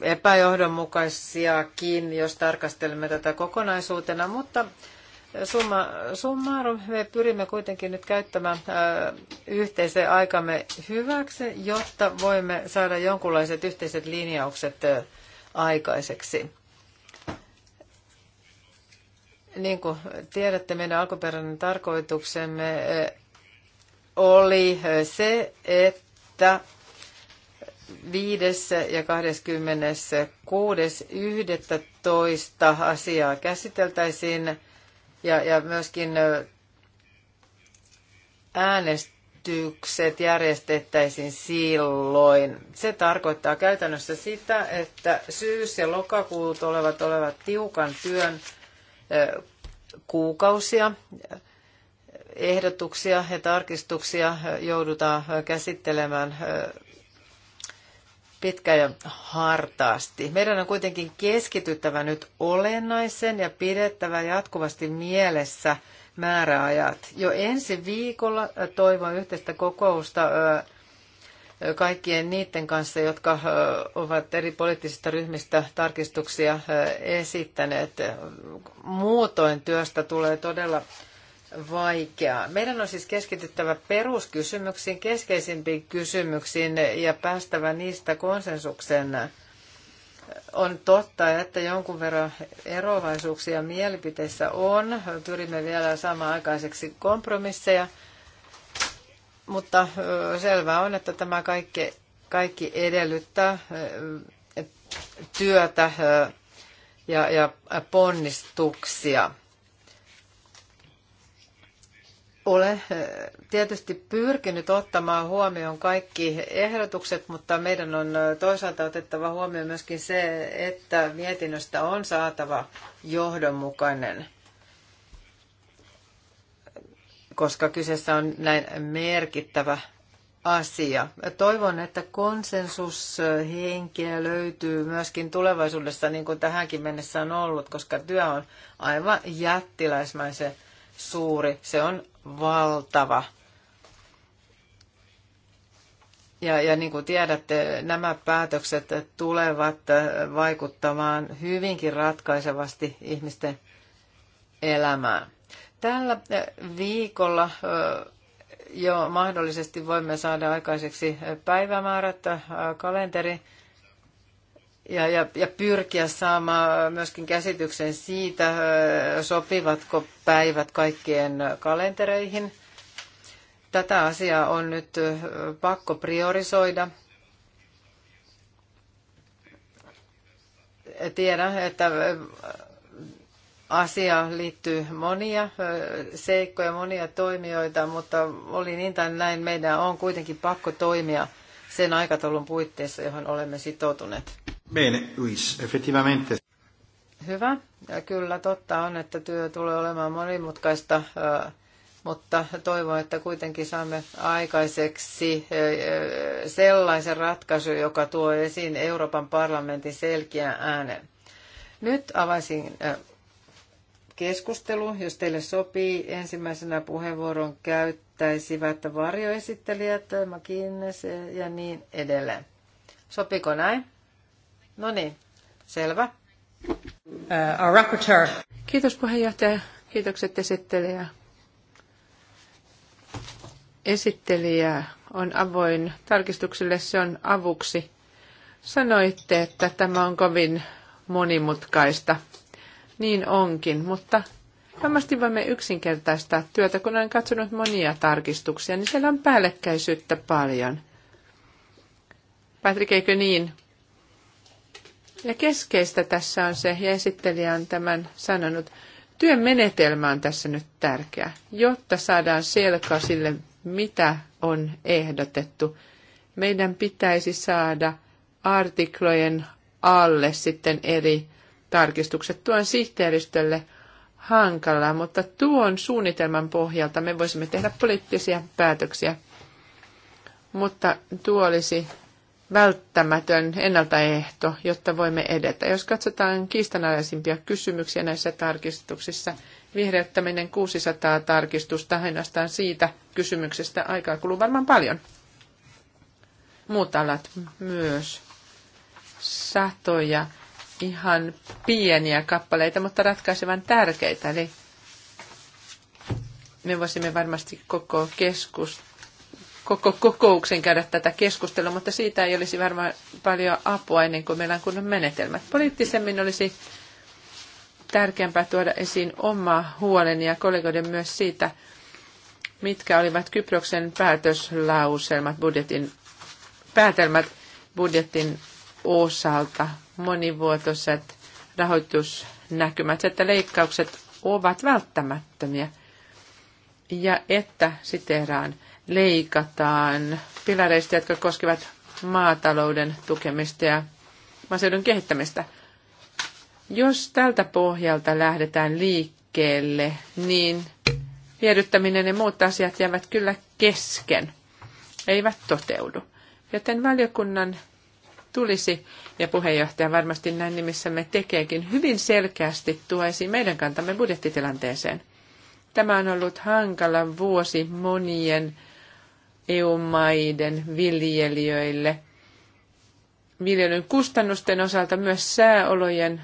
epäjohdonmukaisiakin, jos tarkastelemme tätä kokonaisuutena, mutta summa, summarum, me pyrimme kuitenkin nyt käyttämään yhteisen aikamme hyväksi, jotta voimme saada jonkunlaiset yhteiset linjaukset aikaiseksi. Niin kuin tiedätte, meidän alkuperäinen tarkoituksemme oli se, että 5. ja 26.11. asiaa käsiteltäisiin ja, ja myöskin äänestykset järjestettäisiin silloin. Se tarkoittaa käytännössä sitä, että syys- ja lokakuut olevat olevat tiukan työn kuukausia ehdotuksia ja tarkistuksia joudutaan käsittelemään pitkään ja hartaasti. Meidän on kuitenkin keskityttävä nyt olennaisen ja pidettävä jatkuvasti mielessä määräajat. Jo ensi viikolla toivon yhteistä kokousta kaikkien niiden kanssa, jotka ovat eri poliittisista ryhmistä tarkistuksia esittäneet. Muutoin työstä tulee todella vaikeaa. Meidän on siis keskityttävä peruskysymyksiin, keskeisimpiin kysymyksiin ja päästävä niistä konsensuksen. On totta, että jonkun verran eroavaisuuksia mielipiteissä on. Pyrimme vielä saamaan aikaiseksi kompromisseja, mutta selvää on, että tämä kaikki, kaikki edellyttää työtä ja, ja ponnistuksia ole eh, tietysti pyrkinyt ottamaan huomioon kaikki ehdotukset, mutta meidän on eh, toisaalta otettava huomioon myöskin se, että mietinnöstä on saatava johdonmukainen, koska kyseessä on näin merkittävä asia. Toivon, että konsensushenkeä löytyy myöskin tulevaisuudessa, niin kuin tähänkin mennessä on ollut, koska työ on aivan jättiläismäisen suuri. Se on valtava. Ja, ja niin kuin tiedätte, nämä päätökset tulevat vaikuttamaan hyvinkin ratkaisevasti ihmisten elämään. Tällä viikolla jo mahdollisesti voimme saada aikaiseksi päivämäärät, kalenteri ja, ja, ja pyrkiä saamaan myöskin käsityksen siitä, sopivatko päivät kaikkien kalentereihin. Tätä asiaa on nyt pakko priorisoida. Tiedän, että asia liittyy monia seikkoja, monia toimijoita, mutta oli niin tai näin, meidän on kuitenkin pakko toimia sen aikataulun puitteissa, johon olemme sitoutuneet. Bene, Luis, effettivamente. Hyvä. Ja kyllä totta on, että työ tulee olemaan monimutkaista, mutta toivon, että kuitenkin saamme aikaiseksi sellaisen ratkaisun, joka tuo esiin Euroopan parlamentin selkeän äänen. Nyt avaisin keskustelu, jos teille sopii. Ensimmäisenä puheenvuoron käyttäisivät varjoesittelijät, McKinnes ja niin edelleen. Sopiko näin? No niin, selvä. Uh, our rapporteur. Kiitos puheenjohtaja. Kiitokset esittelijä. Esittelijä on avoin tarkistuksille, se on avuksi. Sanoitte, että tämä on kovin monimutkaista. Niin onkin, mutta varmasti voimme yksinkertaistaa työtä, kun olen katsonut monia tarkistuksia, niin siellä on päällekkäisyyttä paljon. Patrick, eikö niin? Ja keskeistä tässä on se, ja esittelijä on tämän sanonut, työn menetelmä on tässä nyt tärkeä, jotta saadaan selkoa sille, mitä on ehdotettu. Meidän pitäisi saada artiklojen alle sitten eri tarkistukset tuon sihteeristölle hankalaa, mutta tuon suunnitelman pohjalta me voisimme tehdä poliittisia päätöksiä. Mutta tuo olisi välttämätön ennaltaehto, jotta voimme edetä. Jos katsotaan kiistanalaisimpia kysymyksiä näissä tarkistuksissa, vihreyttäminen 600 tarkistusta ainoastaan siitä kysymyksestä aikaa kuluu varmaan paljon. Muut alat myös. Satoja ihan pieniä kappaleita, mutta ratkaisevan tärkeitä. Eli me voisimme varmasti koko keskustelua koko kokouksen käydä tätä keskustelua, mutta siitä ei olisi varmaan paljon apua ennen kuin meillä on kunnon menetelmät. Poliittisemmin olisi tärkeämpää tuoda esiin oma huoleni ja kollegoiden myös siitä, mitkä olivat Kyproksen päätöslauselmat budjetin, päätelmät budjetin osalta, monivuotoiset rahoitusnäkymät, että leikkaukset ovat välttämättömiä ja että, siteraan, leikataan pilareista, jotka koskevat maatalouden tukemista ja maaseudun kehittämistä. Jos tältä pohjalta lähdetään liikkeelle, niin viedyttäminen ja muut asiat jäävät kyllä kesken, eivät toteudu. Joten valiokunnan tulisi, ja puheenjohtaja varmasti näin nimissämme tekeekin, hyvin selkeästi tuo esiin meidän kantamme budjettitilanteeseen. Tämä on ollut hankala vuosi monien EU-maiden viljelijöille. Viljelyn kustannusten osalta myös sääolojen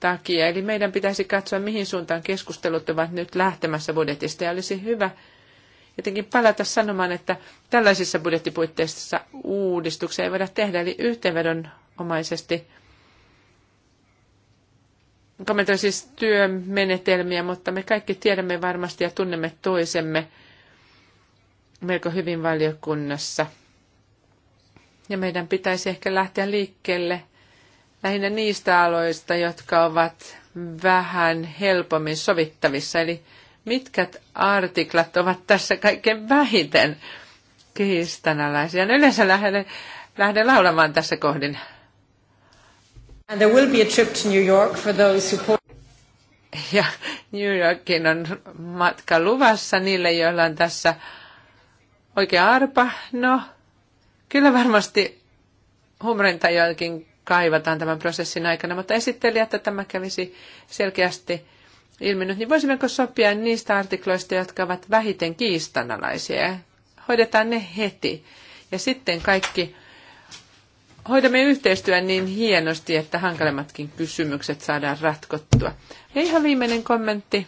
takia. Eli meidän pitäisi katsoa, mihin suuntaan keskustelut ovat nyt lähtemässä budjetista. Ja olisi hyvä jotenkin palata sanomaan, että tällaisissa budjettipuitteissa uudistuksia ei voida tehdä. Eli yhteenvedonomaisesti kommentoin siis työmenetelmiä, mutta me kaikki tiedämme varmasti ja tunnemme toisemme – melko hyvin valiokunnassa. Ja meidän pitäisi ehkä lähteä liikkeelle lähinnä niistä aloista, jotka ovat vähän helpommin sovittavissa. Eli mitkä artiklat ovat tässä kaikkein vähiten kiistanalaisia? Ne no yleensä lähden, lähden laulamaan tässä kohdin. And there will be a trip to New York for those who ja New Yorkin on matka luvassa niille, joilla on tässä Oikea arpa, no kyllä varmasti humrinta joillakin kaivataan tämän prosessin aikana, mutta esitteli, että tämä kävisi selkeästi ilmennyt, niin voisimmeko sopia niistä artikloista, jotka ovat vähiten kiistanalaisia? Hoidetaan ne heti. Ja sitten kaikki hoidamme yhteistyön niin hienosti, että hankalemmatkin kysymykset saadaan ratkottua. Ja ihan viimeinen kommentti.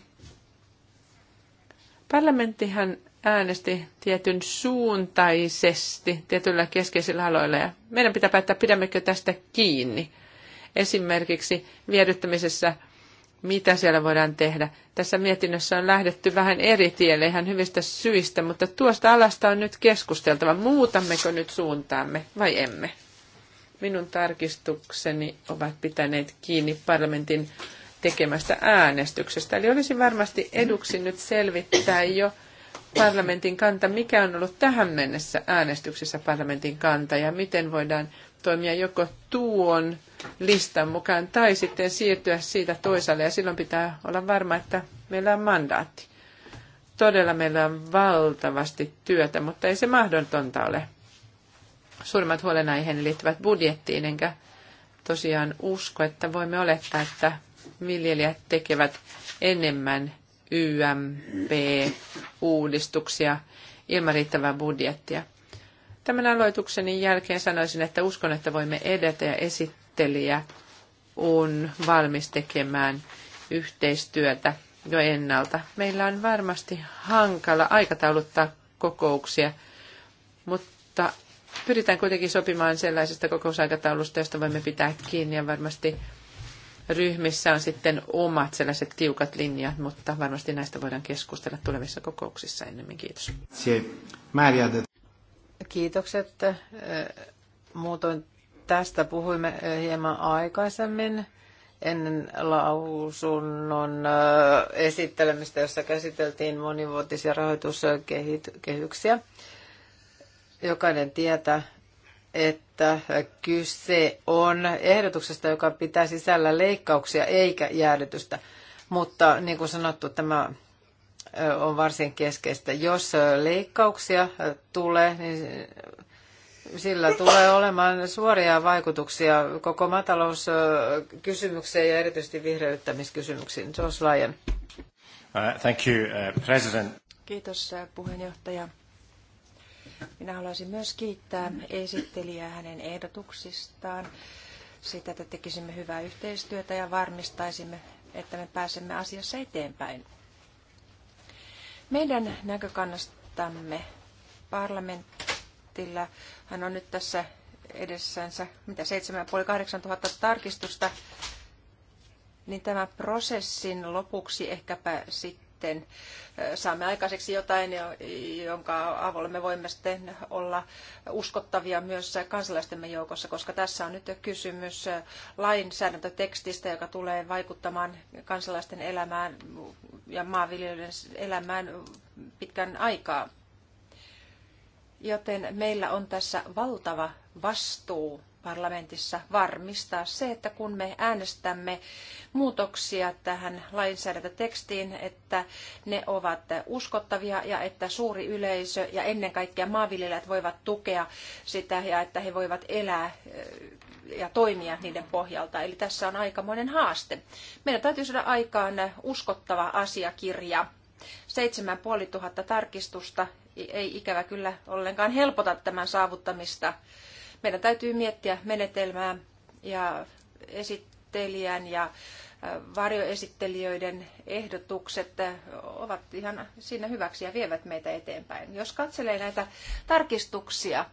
Parlamenttihan äänesti tietyn suuntaisesti tietyillä keskeisillä aloilla. Ja meidän pitää päättää, pidämmekö tästä kiinni. Esimerkiksi viedyttämisessä, mitä siellä voidaan tehdä. Tässä mietinnössä on lähdetty vähän eri tielle ihan hyvistä syistä, mutta tuosta alasta on nyt keskusteltava. Muutammeko nyt suuntaamme vai emme? Minun tarkistukseni ovat pitäneet kiinni parlamentin tekemästä äänestyksestä. Eli olisi varmasti eduksi nyt selvittää jo parlamentin kanta, mikä on ollut tähän mennessä äänestyksessä parlamentin kanta ja miten voidaan toimia joko tuon listan mukaan tai sitten siirtyä siitä toisaalle ja silloin pitää olla varma, että meillä on mandaatti. Todella meillä on valtavasti työtä, mutta ei se mahdotonta ole. Suurimmat huolenaiheeni liittyvät budjettiin, enkä tosiaan usko, että voimme olettaa, että viljelijät tekevät enemmän – YMP-uudistuksia ilman riittävää budjettia. Tämän aloitukseni jälkeen sanoisin, että uskon, että voimme edetä ja esittelijä on valmis tekemään yhteistyötä jo ennalta. Meillä on varmasti hankala aikatauluttaa kokouksia, mutta pyritään kuitenkin sopimaan sellaisesta kokousaikataulusta, josta voimme pitää kiinni ja varmasti ryhmissä on sitten omat sellaiset tiukat linjat, mutta varmasti näistä voidaan keskustella tulevissa kokouksissa ennemmin. Kiitos. Kiitokset. Muutoin tästä puhuimme hieman aikaisemmin ennen lausunnon esittelemistä, jossa käsiteltiin monivuotisia rahoituskehyksiä. Jokainen tietää, että että kyse on ehdotuksesta, joka pitää sisällä leikkauksia eikä jäädytystä. Mutta niin kuin sanottu, tämä on varsin keskeistä. Jos leikkauksia tulee, niin sillä tulee olemaan suoria vaikutuksia koko matalouskysymykseen ja erityisesti vihreyttämiskysymyksiin. Jos Lyon. Uh, thank you, uh, President. Kiitos uh, puheenjohtaja. Minä haluaisin myös kiittää esittelijää hänen ehdotuksistaan sitä että tekisimme hyvää yhteistyötä ja varmistaisimme, että me pääsemme asiassa eteenpäin. Meidän näkökannastamme parlamentilla hän on nyt tässä edessänsä mitä 7500-8000 tuhatta tarkistusta, niin tämä prosessin lopuksi ehkäpä sitten sitten saamme aikaiseksi jotain, jonka avulla me voimme sitten olla uskottavia myös kansalaistemme joukossa, koska tässä on nyt kysymys lainsäädäntötekstistä, joka tulee vaikuttamaan kansalaisten elämään ja maanviljelijöiden elämään pitkän aikaa. Joten meillä on tässä valtava vastuu parlamentissa varmistaa se, että kun me äänestämme muutoksia tähän lainsäädäntötekstiin, että ne ovat uskottavia ja että suuri yleisö ja ennen kaikkea maanviljelijät voivat tukea sitä ja että he voivat elää eh, ja toimia niiden pohjalta. Eli tässä on aikamoinen haaste. Meidän täytyy saada aikaan uskottava asiakirja. 7500 tarkistusta ei ikävä kyllä ollenkaan helpota tämän saavuttamista. Meidän täytyy miettiä menetelmää ja esittelijän ja äh, varjoesittelijöiden ehdotukset äh, ovat ihan siinä hyväksi ja vievät meitä eteenpäin. Jos katselee näitä tarkistuksia,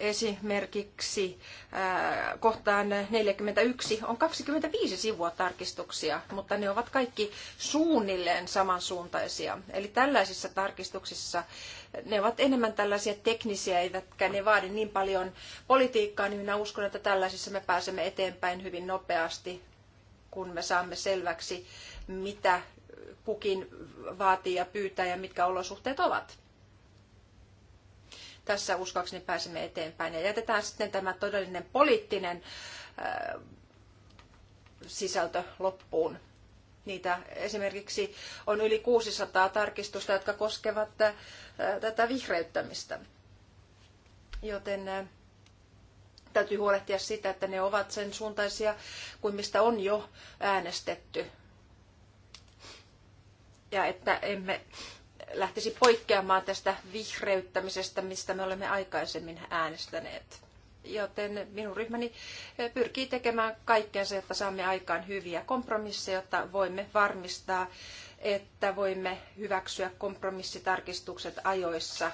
esimerkiksi äh, kohtaan 41 on 25 sivua tarkistuksia, mutta ne ovat kaikki suunnilleen samansuuntaisia. Eli tällaisissa tarkistuksissa ne ovat enemmän tällaisia teknisiä, eivätkä ne vaadi niin paljon politiikkaa, niin minä uskon, että tällaisissa me pääsemme eteenpäin hyvin nopeasti, kun me saamme selväksi, mitä kukin vaatii ja pyytää ja mitkä olosuhteet ovat. Tässä uskoakseni pääsemme eteenpäin. Ja jätetään sitten tämä todellinen poliittinen sisältö loppuun niitä. Esimerkiksi on yli 600 tarkistusta, jotka koskevat tätä vihreyttämistä. Joten täytyy huolehtia sitä, että ne ovat sen suuntaisia kuin mistä on jo äänestetty. Ja että emme lähtisi poikkeamaan tästä vihreyttämisestä, mistä me olemme aikaisemmin äänestäneet joten minun ryhmäni eh, pyrkii tekemään kaikkensa, jotta saamme aikaan hyviä kompromisseja, jotta voimme varmistaa, että voimme hyväksyä kompromissitarkistukset ajoissa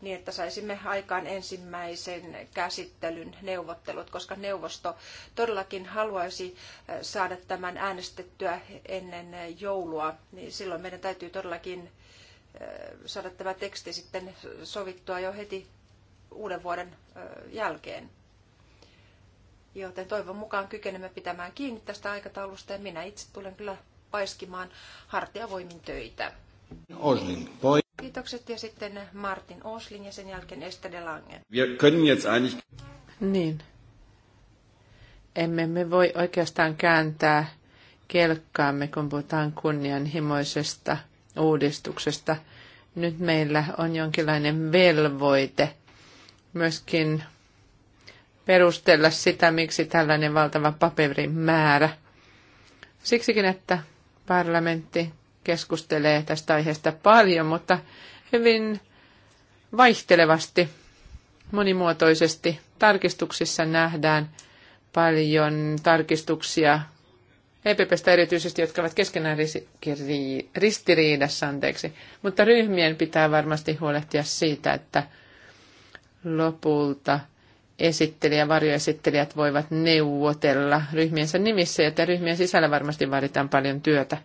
niin, että saisimme aikaan ensimmäisen käsittelyn neuvottelut, koska neuvosto todellakin haluaisi eh, saada tämän äänestettyä ennen joulua, niin silloin meidän täytyy todellakin eh, saada tämä teksti sitten sovittua jo heti uuden vuoden jälkeen. Joten toivon mukaan kykenemme pitämään kiinni tästä aikataulusta ja minä itse tulen kyllä paiskimaan hartiavoimin töitä. Oslin, poi. Kiitokset ja sitten Martin Oslin ja sen jälkeen Ester de Lange. Wir können jetzt eigentlich... Niin. Emme me voi oikeastaan kääntää kelkkaamme, kun puhutaan kunnianhimoisesta uudistuksesta. Nyt meillä on jonkinlainen velvoite – myöskin perustella sitä, miksi tällainen valtava paperin määrä. Siksikin, että parlamentti keskustelee tästä aiheesta paljon, mutta hyvin vaihtelevasti, monimuotoisesti tarkistuksissa nähdään paljon tarkistuksia EPPstä erityisesti, jotka ovat keskenään ristiriidassa, anteeksi. Mutta ryhmien pitää varmasti huolehtia siitä, että lopulta esittelijä, varjoesittelijät voivat neuvotella ryhmiensä nimissä, ja ryhmien sisällä varmasti vaaditaan paljon työtä.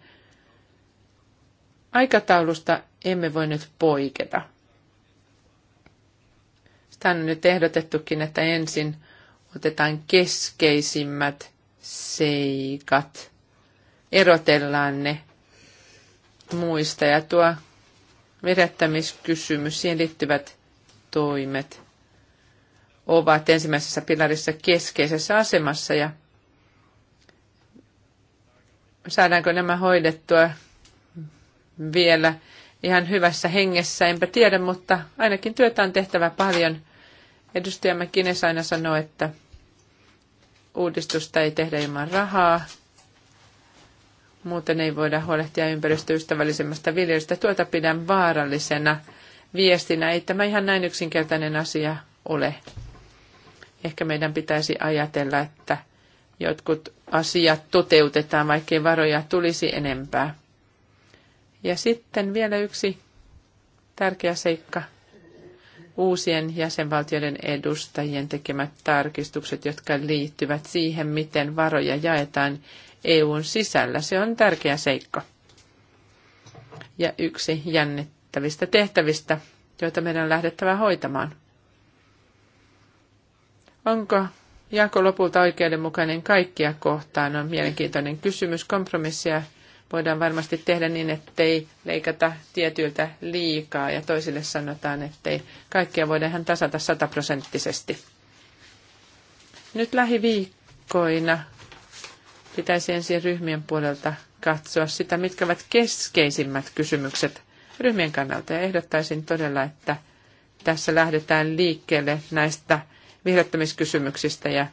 Aikataulusta emme voi nyt poiketa. Sitä on nyt ehdotettukin, että ensin otetaan keskeisimmät seikat, erotellaan ne muista, ja tuo vedättämiskysymys, siihen liittyvät toimet ovat ensimmäisessä pilarissa keskeisessä asemassa ja saadaanko nämä hoidettua vielä ihan hyvässä hengessä, enpä tiedä, mutta ainakin työtä on tehtävä paljon. Edustaja Mäkines aina sanoo, että uudistusta ei tehdä ilman rahaa, muuten ei voida huolehtia ympäristöystävällisemmästä viljelystä. Tuota pidän vaarallisena viestinä. Ei tämä ihan näin yksinkertainen asia ole. Ehkä meidän pitäisi ajatella, että jotkut asiat toteutetaan, vaikkei varoja tulisi enempää. Ja sitten vielä yksi tärkeä seikka. Uusien jäsenvaltioiden edustajien tekemät tarkistukset, jotka liittyvät siihen, miten varoja jaetaan EUn sisällä. Se on tärkeä seikka. Ja yksi jännittävä merkittävistä tehtävistä, joita meidän on lähdettävä hoitamaan. Onko jako lopulta oikeudenmukainen kaikkia kohtaan on mielenkiintoinen kysymys. Kompromissia voidaan varmasti tehdä niin, ettei leikata tietyiltä liikaa ja toisille sanotaan, ettei kaikkia voida ihan tasata sataprosenttisesti. Nyt lähiviikkoina pitäisi ensin ryhmien puolelta katsoa sitä, mitkä ovat keskeisimmät kysymykset, ryhmien kannalta. Ja ehdottaisin todella, että tässä lähdetään liikkeelle näistä vihreyttämiskysymyksistä ja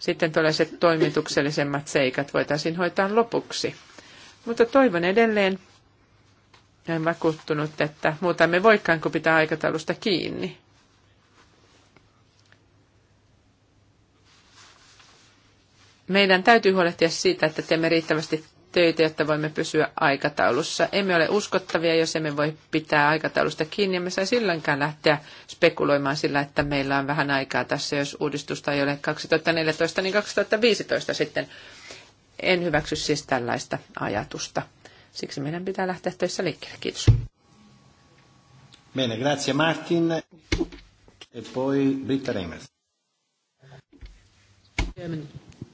sitten tällaiset toimituksellisemmat seikat voitaisiin hoitaa lopuksi. Mutta toivon edelleen, en vakuuttunut, että muuta me voikaan, kun pitää aikataulusta kiinni. Meidän täytyy huolehtia siitä, että teemme riittävästi töitä, jotta voimme pysyä aikataulussa. Emme ole uskottavia, jos emme voi pitää aikataulusta kiinni. Emme saa silloinkään lähteä spekuloimaan sillä, että meillä on vähän aikaa tässä, jos uudistusta ei ole 2014, niin 2015 sitten. En hyväksy siis tällaista ajatusta. Siksi meidän pitää lähteä töissä liikkeelle. Kiitos. Bene, grazie Martin. E poi Britta Reimers.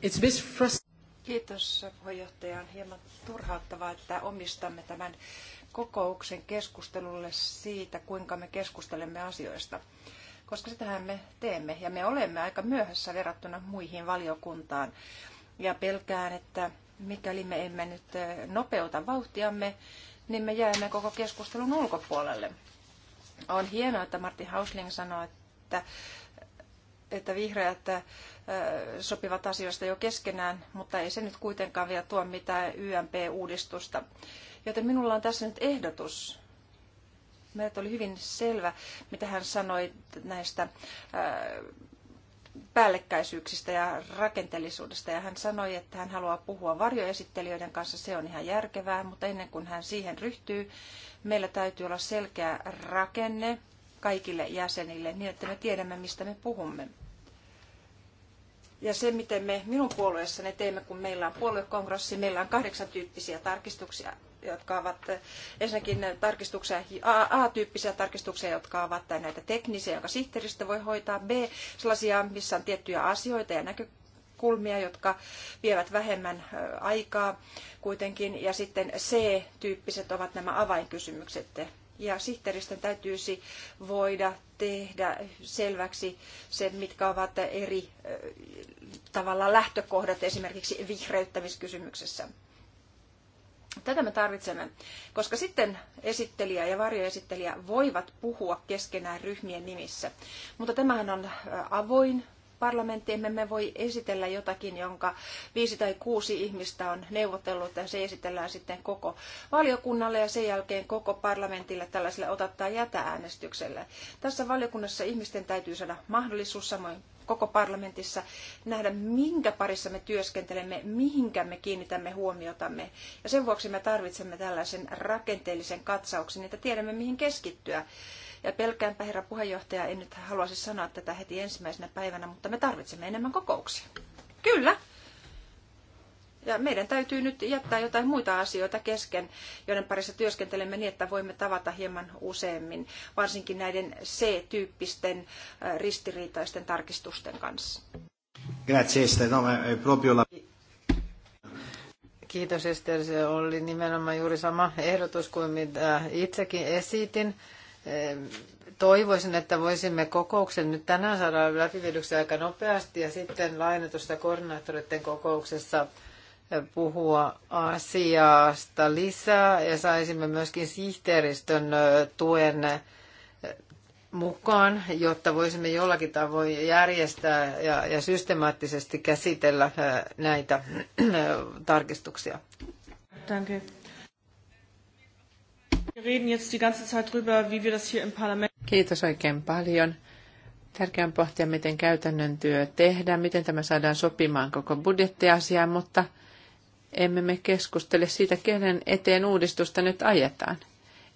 It's a bit frustrating. Kiitos puheenjohtaja. On hieman turhauttavaa, että omistamme tämän kokouksen keskustelulle siitä, kuinka me keskustelemme asioista. Koska sitähän me teemme ja me olemme aika myöhässä verrattuna muihin valiokuntaan. Ja pelkään, että mikäli me emme nyt eh, nopeuta vauhtiamme, niin me jäämme koko keskustelun ulkopuolelle. On hienoa, että Martin Hausling sanoi, että, että vihreät eh, sopivat asioista jo keskenään, mutta ei se nyt kuitenkaan vielä tuo mitään YMP-uudistusta. Joten minulla on tässä nyt ehdotus. Meiltä oli hyvin selvä, mitä hän sanoi näistä päällekkäisyyksistä ja rakenteellisuudesta. Ja hän sanoi, että hän haluaa puhua varjoesittelijöiden kanssa, se on ihan järkevää, mutta ennen kuin hän siihen ryhtyy, meillä täytyy olla selkeä rakenne kaikille jäsenille niin, että me tiedämme, mistä me puhumme. Ja se, miten me minun puolueessani teemme, kun meillä on puoluekongressi, meillä on kahdeksan tyyppisiä tarkistuksia, jotka ovat eh, ensinnäkin tarkistuksia, A-tyyppisiä tarkistuksia, jotka ovat näitä teknisiä, jotka sihteeristö voi hoitaa, B, sellaisia, missä on tiettyjä asioita ja näkökulmia, jotka vievät vähemmän eh, aikaa kuitenkin, ja sitten C-tyyppiset ovat nämä avainkysymykset, ja sihteeristön täytyisi voida tehdä selväksi se, mitkä ovat eri tavalla lähtökohdat esimerkiksi vihreyttämiskysymyksessä. Tätä me tarvitsemme, koska sitten esittelijä ja varjoesittelijä voivat puhua keskenään ryhmien nimissä. Mutta tämähän on avoin Parlamenttiin, emme me voi esitellä jotakin, jonka viisi tai kuusi ihmistä on neuvotellut ja se esitellään sitten koko valiokunnalle ja sen jälkeen koko parlamentille tällaiselle otattaa jätä äänestyksellä. Tässä valiokunnassa ihmisten täytyy saada mahdollisuus samoin koko parlamentissa nähdä, minkä parissa me työskentelemme, mihinkä me kiinnitämme huomiotamme. Ja sen vuoksi me tarvitsemme tällaisen rakenteellisen katsauksen, että tiedämme, mihin keskittyä ja pelkäänpä herra puheenjohtaja, en nyt haluaisi sanoa tätä heti ensimmäisenä päivänä, mutta me tarvitsemme enemmän kokouksia. Kyllä. Ja meidän täytyy nyt jättää jotain muita asioita kesken, joiden parissa työskentelemme niin, että voimme tavata hieman useammin, varsinkin näiden C-tyyppisten ristiriitaisten tarkistusten kanssa. Grazie, no, Kiitos Ester, se oli nimenomaan juuri sama ehdotus kuin mitä itsekin esitin toivoisin, että voisimme kokouksen nyt tänään saada läpivedyksi aika nopeasti ja sitten lainatusta koordinaattoreiden kokouksessa puhua asiasta lisää ja saisimme myöskin sihteeristön tuen mukaan, jotta voisimme jollakin tavoin järjestää ja, ja systemaattisesti käsitellä näitä tarkistuksia. Kiitos oikein paljon. Tärkeää on pohtia, miten käytännön työ tehdään, miten tämä saadaan sopimaan koko budjettiasiaan, mutta emme me keskustele siitä, kenen eteen uudistusta nyt ajetaan.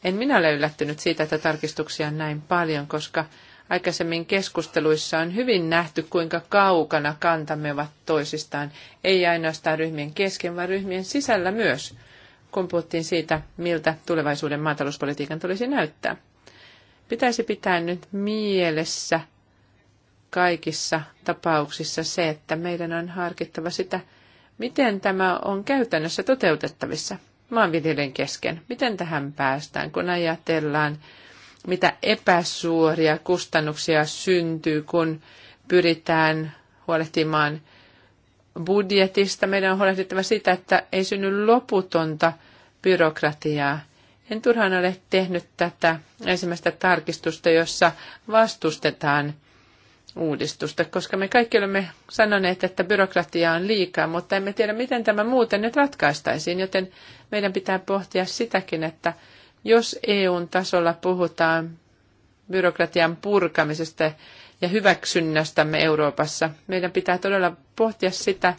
En minä ole yllättynyt siitä, että tarkistuksia on näin paljon, koska aikaisemmin keskusteluissa on hyvin nähty, kuinka kaukana kantamme ovat toisistaan, ei ainoastaan ryhmien kesken, vaan ryhmien sisällä myös kun puhuttiin siitä, miltä tulevaisuuden maatalouspolitiikan tulisi näyttää. Pitäisi pitää nyt mielessä kaikissa tapauksissa se, että meidän on harkittava sitä, miten tämä on käytännössä toteutettavissa maanviljelijän kesken. Miten tähän päästään, kun ajatellaan, mitä epäsuoria kustannuksia syntyy, kun pyritään huolehtimaan budjetista. Meidän on huolehdittava siitä, että ei synny loputonta byrokratiaa. En turhaan ole tehnyt tätä ensimmäistä tarkistusta, jossa vastustetaan uudistusta, koska me kaikki olemme sanoneet, että byrokratia on liikaa, mutta emme tiedä, miten tämä muuten nyt ratkaistaisiin, joten meidän pitää pohtia sitäkin, että jos EUn tasolla puhutaan byrokratian purkamisesta ja hyväksynnästämme Euroopassa, meidän pitää todella pohtia sitä,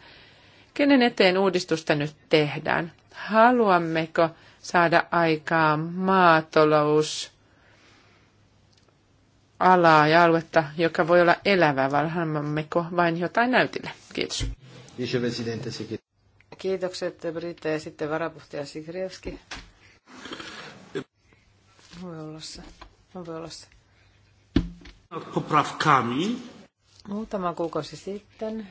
kenen eteen uudistusta nyt tehdään haluammeko saada aikaan maatalous alaa ja aluetta, joka voi olla elävä, vai haluammeko vain jotain näytille? Kiitos. Kiitokset Britta ja sitten varapuhtaja Sigrievski. Voi olla se. Voi olla se. Muutama kuukausi sitten äh,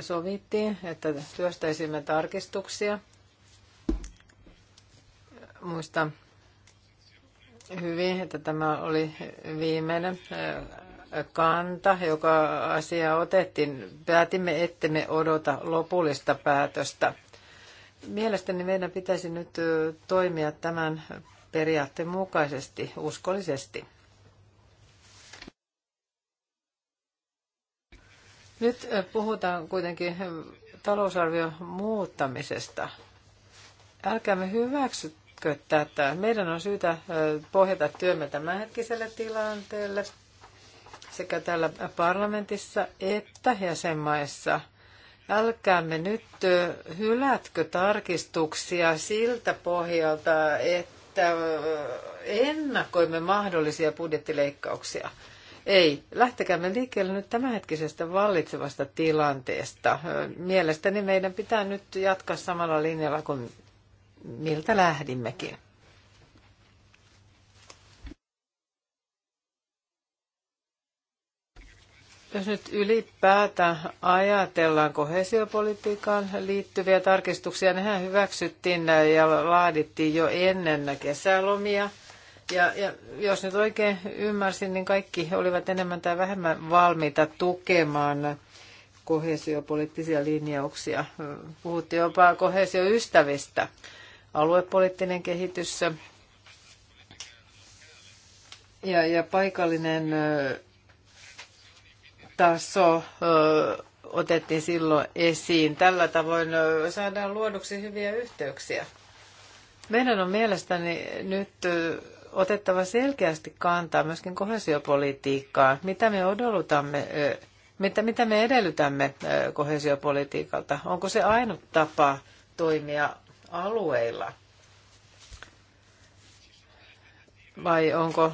sovittiin, että työstäisimme tarkistuksia muista hyvin, että tämä oli viimeinen kanta, joka asia otettiin. Päätimme, ettemme odota lopullista päätöstä. Mielestäni meidän pitäisi nyt toimia tämän periaatteen mukaisesti, uskollisesti. Nyt puhutaan kuitenkin talousarvion muuttamisesta. Älkäämme hyväksy tehdäänkö että Meidän on syytä pohjata työmme tämänhetkiselle tilanteelle sekä täällä parlamentissa että jäsenmaissa. Älkäämme nyt hylätkö tarkistuksia siltä pohjalta, että ennakoimme mahdollisia budjettileikkauksia. Ei, lähtekäämme liikkeelle nyt tämänhetkisestä vallitsevasta tilanteesta. Mielestäni meidän pitää nyt jatkaa samalla linjalla kuin miltä lähdimmekin. Jos nyt ylipäätään ajatellaan kohesiopolitiikkaan liittyviä tarkistuksia, nehän hyväksyttiin ja laadittiin jo ennen kesälomia. Ja, ja jos nyt oikein ymmärsin, niin kaikki olivat enemmän tai vähemmän valmiita tukemaan kohesiopoliittisia linjauksia. Puhuttiin jopa kohesioystävistä. ystävistä aluepoliittinen kehitys ja, ja paikallinen taso otettiin silloin esiin. Tällä tavoin saadaan luoduksi hyviä yhteyksiä. Meidän on mielestäni nyt otettava selkeästi kantaa myöskin kohesiopolitiikkaan. Mitä me odotamme, mitä, mitä me edellytämme kohesiopolitiikalta? Onko se ainut tapa toimia alueilla? Vai onko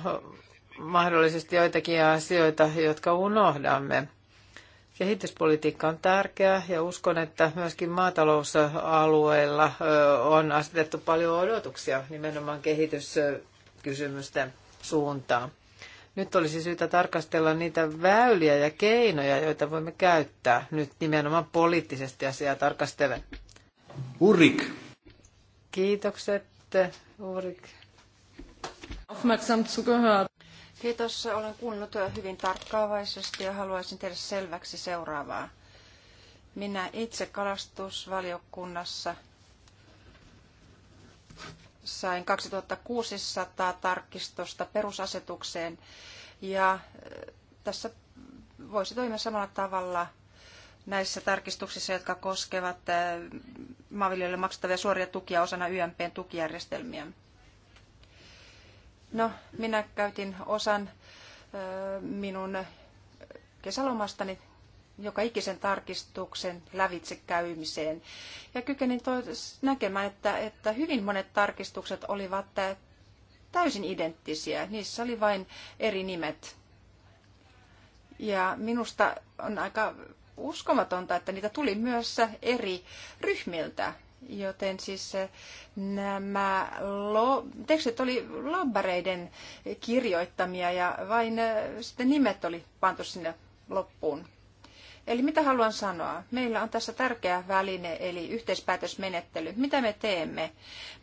mahdollisesti joitakin asioita, jotka unohdamme? Kehityspolitiikka on tärkeää ja uskon, että myöskin maatalousalueilla on asetettu paljon odotuksia nimenomaan kehityskysymysten suuntaan. Nyt olisi syytä tarkastella niitä väyliä ja keinoja, joita voimme käyttää nyt nimenomaan poliittisesti asiaa tarkastellen. Urik. Kiitokset, Ulrik. Kiitos, olen kuunnellut hyvin tarkkaavaisesti ja haluaisin tehdä selväksi seuraavaa. Minä itse kalastusvaliokunnassa sain 2600 tarkistusta perusasetukseen ja äh, tässä voisi toimia samalla tavalla näissä tarkistuksissa, jotka koskevat äh, maanviljelijöille maksettavia suoria tukia osana YMPn tukijärjestelmiä. No, minä käytin osan minun kesälomastani joka ikisen tarkistuksen lävitse käymiseen. Ja kykenin näkemään, että, että hyvin monet tarkistukset olivat täysin identtisiä. Niissä oli vain eri nimet. Ja minusta on aika uskomatonta, että niitä tuli myös eri ryhmiltä. Joten siis eh, nämä lo- tekstit oli lobbareiden kirjoittamia ja vain eh, sitten nimet oli pantu sinne loppuun. Eli mitä haluan sanoa? Meillä on tässä tärkeä väline, eli yhteispäätösmenettely. Mitä me teemme?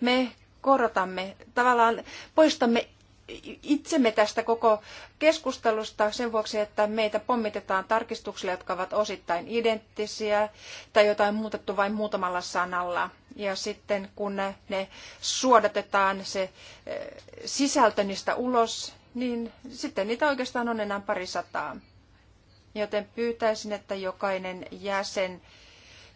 Me korotamme, tavallaan poistamme itsemme tästä koko keskustelusta sen vuoksi, että meitä pommitetaan tarkistuksilla, jotka ovat osittain identtisiä tai jotain muutettu vain muutamalla sanalla. Ja sitten kun ne suodatetaan se eh, sisältö niistä ulos, niin sitten niitä oikeastaan on enää parisataa. Joten pyytäisin, että jokainen jäsen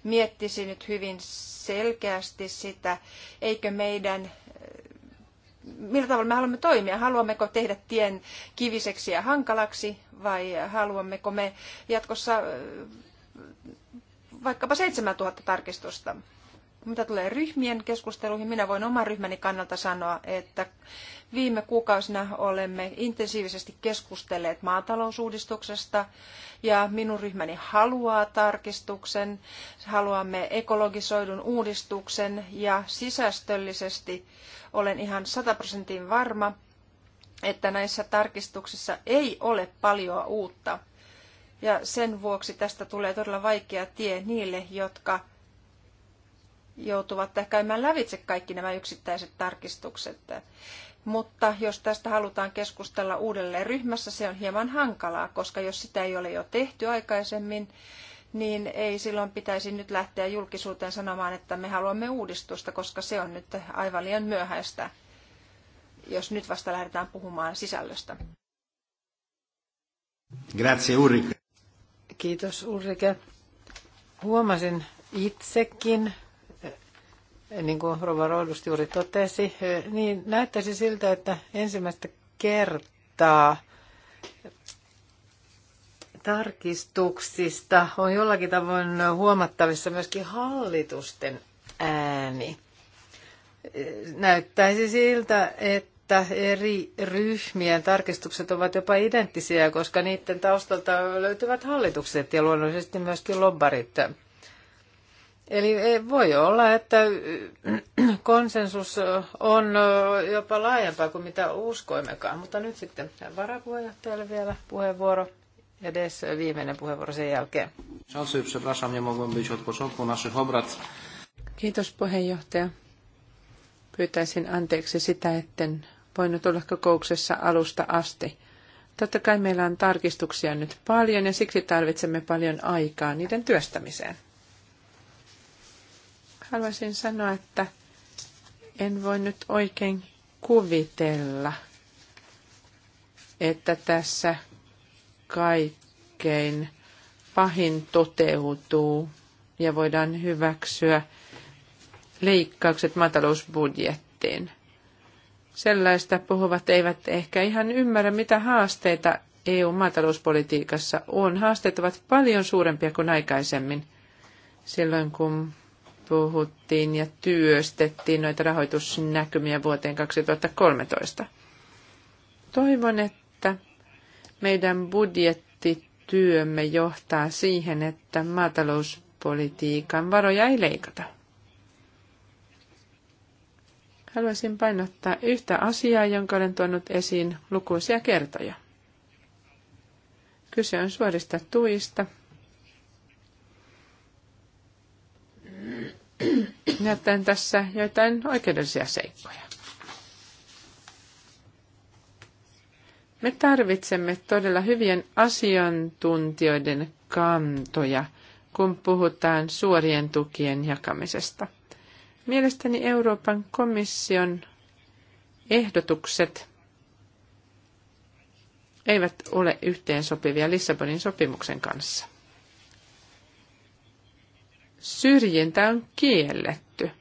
miettisi nyt hyvin selkeästi sitä, eikö meidän millä tavalla me haluamme toimia. Haluammeko tehdä tien kiviseksi ja hankalaksi vai haluammeko me jatkossa äh, vaikkapa 7000 tarkistusta? Mitä tulee ryhmien keskusteluihin, minä voin oman ryhmäni kannalta sanoa, että viime kuukausina olemme intensiivisesti keskustelleet maatalousuudistuksesta ja minun ryhmäni haluaa tarkistuksen. Haluamme ekologisoidun uudistuksen ja sisästöllisesti olen ihan sataprosentin varma, että näissä tarkistuksissa ei ole paljoa uutta. Ja sen vuoksi tästä tulee todella vaikea tie niille, jotka joutuvat käymään lävitse kaikki nämä yksittäiset tarkistukset. Mutta jos tästä halutaan keskustella uudelleen ryhmässä, se on hieman hankalaa, koska jos sitä ei ole jo tehty aikaisemmin, niin ei silloin pitäisi nyt lähteä julkisuuteen sanomaan, että me haluamme uudistusta, koska se on nyt aivan liian myöhäistä, jos nyt vasta lähdetään puhumaan sisällöstä. Grazie Ulrike. Kiitos Ulrike. Huomasin itsekin, niin kuin Rova Roidus juuri totesi, niin näyttäisi siltä, että ensimmäistä kertaa tarkistuksista on jollakin tavoin huomattavissa myöskin hallitusten ääni. Näyttäisi siltä, että eri ryhmien tarkistukset ovat jopa identtisiä, koska niiden taustalta löytyvät hallitukset ja luonnollisesti myöskin lobbarit. Eli eh, voi olla, että äh, konsensus äh, on äh, jopa laajempaa kuin mitä uskoimmekaan. Mutta nyt sitten varapuheenjohtajalle vielä puheenvuoro. Edes viimeinen puheenvuoro sen jälkeen. Kiitos puheenjohtaja. Pyytäisin anteeksi sitä, etten voinut olla kokouksessa alusta asti. Totta kai meillä on tarkistuksia nyt paljon ja siksi tarvitsemme paljon aikaa niiden työstämiseen haluaisin sanoa, että en voi nyt oikein kuvitella, että tässä kaikkein pahin toteutuu ja voidaan hyväksyä leikkaukset maatalousbudjettiin. Sellaista puhuvat eivät ehkä ihan ymmärrä, mitä haasteita EU-maatalouspolitiikassa on. Haasteet ovat paljon suurempia kuin aikaisemmin silloin, kun puhuttiin ja työstettiin noita rahoitusnäkymiä vuoteen 2013. Toivon, että meidän budjettityömme johtaa siihen, että maatalouspolitiikan varoja ei leikata. Haluaisin painottaa yhtä asiaa, jonka olen tuonut esiin lukuisia kertoja. Kyse on suorista tuista, Jätän tässä joitain oikeudellisia seikkoja. Me tarvitsemme todella hyvien asiantuntijoiden kantoja, kun puhutaan suorien tukien jakamisesta. Mielestäni Euroopan komission ehdotukset eivät ole yhteensopivia Lissabonin sopimuksen kanssa. Syrjintä on kielletty.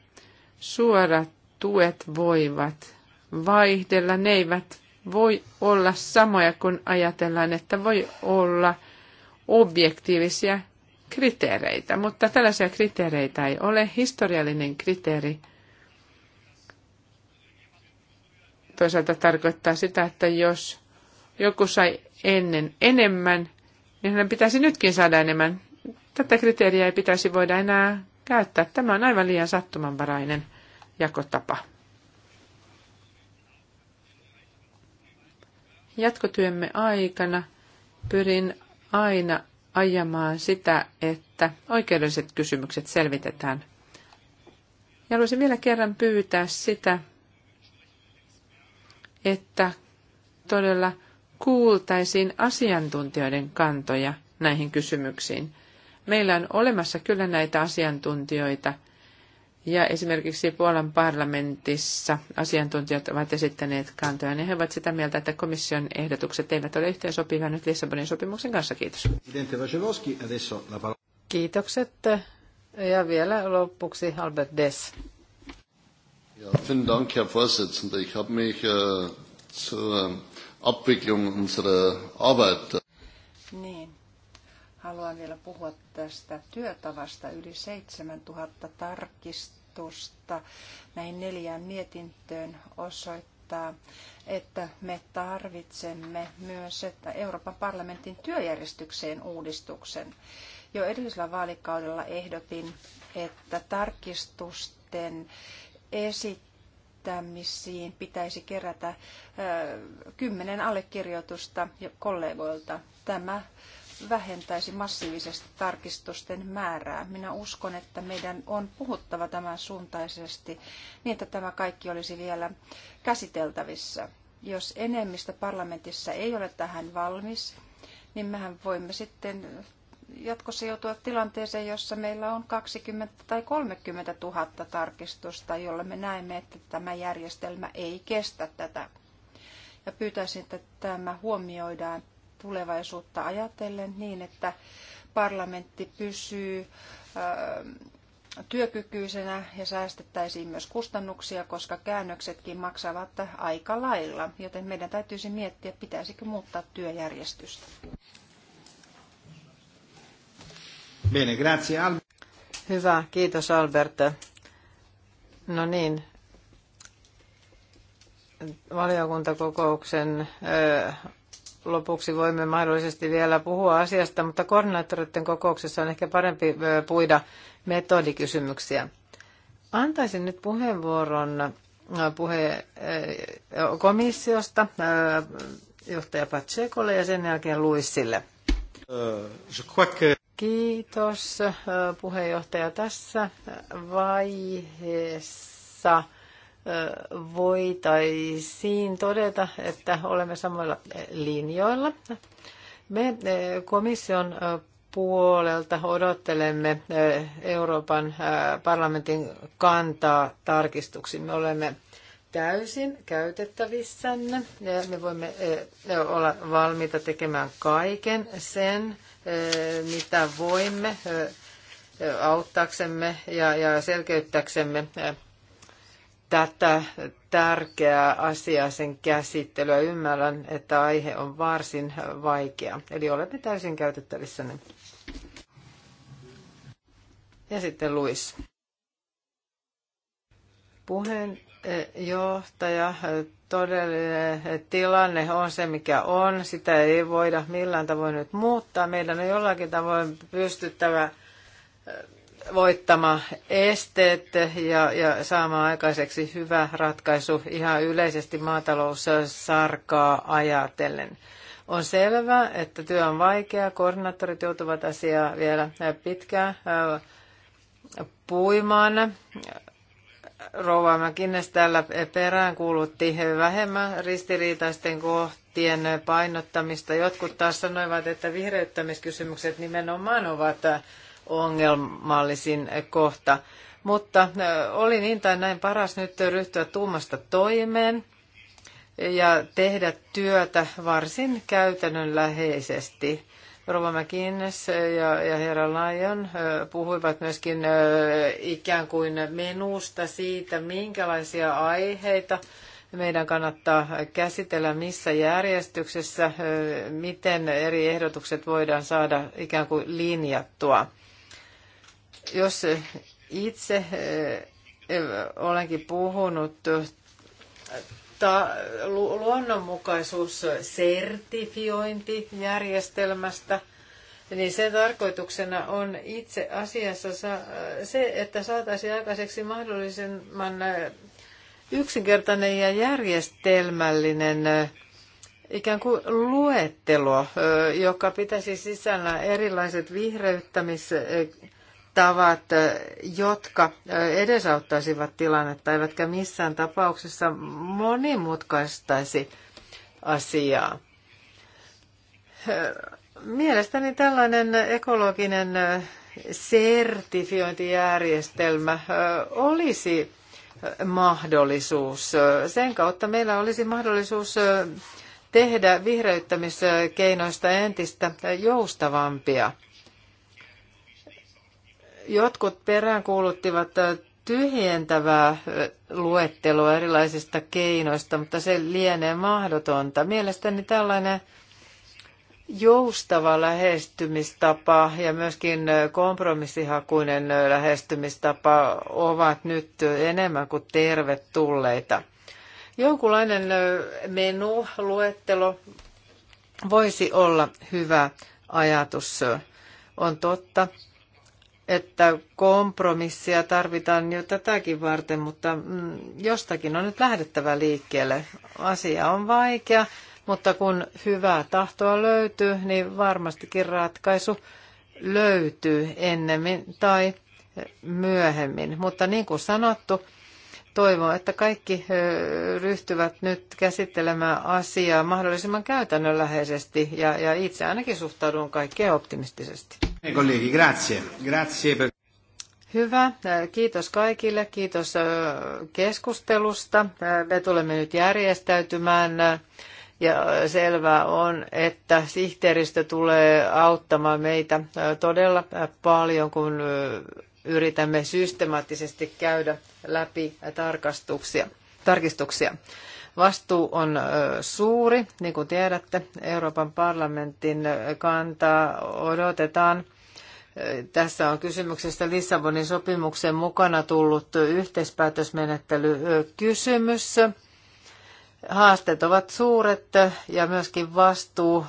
Suorat tuet voivat vaihdella, ne eivät voi olla samoja, kun ajatellaan, että voi olla objektiivisia kriteereitä, mutta tällaisia kriteereitä ei ole. Historiallinen kriteeri toisaalta tarkoittaa sitä, että jos joku sai ennen enemmän, niin hän pitäisi nytkin saada enemmän. Tätä kriteeriä ei pitäisi voida enää käyttää. Tämä on aivan liian sattumanvarainen jakotapa. Jatkotyömme aikana pyrin aina ajamaan sitä, että oikeudelliset kysymykset selvitetään. Ja haluaisin vielä kerran pyytää sitä, että todella kuultaisiin asiantuntijoiden kantoja näihin kysymyksiin. Meillä on olemassa kyllä näitä asiantuntijoita, ja esimerkiksi Puolan parlamentissa asiantuntijat ovat esittäneet kantoja, niin he ovat sitä mieltä, että komission ehdotukset eivät ole yhteensopivia nyt Lissabonin sopimuksen kanssa. Kiitos. Kiitokset. Ja vielä lopuksi Albert Dess. Ja, vielen Dank, Herr Vorsitzender. Ich habe mich äh, zur Abwicklung unserer Arbeit. Äh, niin. Haluan vielä puhua tästä työtavasta. Yli 7000 tarkistusta näihin neljään mietintöön osoittaa, että me tarvitsemme myös että Euroopan parlamentin työjärjestykseen uudistuksen. Jo edellisellä vaalikaudella ehdotin, että tarkistusten esittämisiin pitäisi kerätä kymmenen allekirjoitusta kollegoilta. Tämä vähentäisi massiivisesti tarkistusten määrää. Minä uskon, että meidän on puhuttava tämän suuntaisesti niin, että tämä kaikki olisi vielä käsiteltävissä. Jos enemmistö parlamentissa ei ole tähän valmis, niin mehän voimme sitten jatkossa joutua tilanteeseen, jossa meillä on 20 tai 30 000 tarkistusta, jolla me näemme, että tämä järjestelmä ei kestä tätä. Ja pyytäisin, että tämä huomioidaan tulevaisuutta ajatellen niin, että parlamentti pysyy ähm, työkykyisenä ja säästettäisiin myös kustannuksia, koska käännöksetkin maksavat aika lailla, joten meidän täytyisi miettiä, pitäisikö muuttaa työjärjestystä. Bene, grazie Hyvä, kiitos Albert. No niin, valiokuntakokouksen lopuksi voimme mahdollisesti vielä puhua asiasta, mutta koordinaattoreiden kokouksessa on ehkä parempi puida metodikysymyksiä. Antaisin nyt puheenvuoron puhe, komissiosta johtaja Pacekolle ja sen jälkeen Luisille. Euh, Kiitos puheenjohtaja tässä vaiheessa voitaisiin todeta, että olemme samoilla linjoilla. Me komission puolelta odottelemme Euroopan parlamentin kantaa tarkistuksiin. Me olemme täysin käytettävissänne ja me voimme olla valmiita tekemään kaiken sen, mitä voimme auttaaksemme ja selkeyttäksemme tätä tärkeää asiaa, sen käsittelyä. Ymmärrän, että aihe on varsin vaikea, eli olemme täysin käytettävissänne. Ja sitten Luis. Puheenjohtaja, todellinen tilanne on se, mikä on. Sitä ei voida millään tavoin nyt muuttaa. Meidän on jollakin tavoin pystyttävä voittama esteet ja, ja saamaan aikaiseksi hyvä ratkaisu ihan yleisesti maataloussarkaa ajatellen. On selvää, että työ on vaikea. Koordinaattorit joutuvat asiaa vielä pitkään äh, puimaan. Rouva Mäkinnes täällä perään kuulutti vähemmän ristiriitaisten kohtien painottamista. Jotkut taas sanoivat, että vihreyttämiskysymykset nimenomaan ovat ongelmallisin kohta. Mutta oli niin tai näin paras nyt ryhtyä tuumasta toimeen ja tehdä työtä varsin käytännönläheisesti. Rova McInnes ja, ja herra Lyon puhuivat myöskin ikään kuin menusta siitä, minkälaisia aiheita meidän kannattaa käsitellä, missä järjestyksessä, miten eri ehdotukset voidaan saada ikään kuin linjattua. Jos itse eh, eh, olenkin puhunut ta- lu- luonnonmukaisuussertifiointijärjestelmästä, niin sen tarkoituksena on itse asiassa se, että saataisiin aikaiseksi mahdollisimman eh, yksinkertainen ja järjestelmällinen ikään kuin luettelo, joka pitäisi sisällä erilaiset vihreyttämis- tavat, jotka edesauttaisivat tilannetta, eivätkä missään tapauksessa monimutkaistaisi asiaa. Mielestäni tällainen ekologinen sertifiointijärjestelmä olisi mahdollisuus. Sen kautta meillä olisi mahdollisuus tehdä vihreyttämiskeinoista entistä joustavampia – Jotkut peräänkuuluttivat äh, tyhjentävää äh, luettelua erilaisista keinoista, mutta se lienee mahdotonta. Mielestäni tällainen joustava lähestymistapa ja myöskin äh, kompromissihakuinen lähestymistapa ovat nyt enemmän kuin tervetulleita. Jonkunlainen menu, luettelo voisi olla hyvä ajatus. On totta, että kompromissia tarvitaan jo tätäkin varten, mutta mm, jostakin on nyt lähdettävä liikkeelle. Asia on vaikea, mutta kun hyvää tahtoa löytyy, niin varmastikin ratkaisu löytyy ennemmin tai myöhemmin. Mutta niin kuin sanottu, toivon, että kaikki ryhtyvät nyt käsittelemään asiaa mahdollisimman käytännönläheisesti ja, ja itse ainakin suhtaudun kaikkeen optimistisesti. Kollegi, grazie. Grazie per... Hyvä, kiitos kaikille, kiitos keskustelusta. Me tulemme nyt järjestäytymään ja selvää on, että sihteeristö tulee auttamaan meitä todella paljon, kun yritämme systemaattisesti käydä läpi tarkastuksia, tarkistuksia. Vastuu on suuri, niin kuin tiedätte. Euroopan parlamentin kantaa odotetaan. Tässä on kysymyksestä Lissabonin sopimuksen mukana tullut yhteispäätösmenettelykysymys. Haasteet ovat suuret ja myöskin vastuu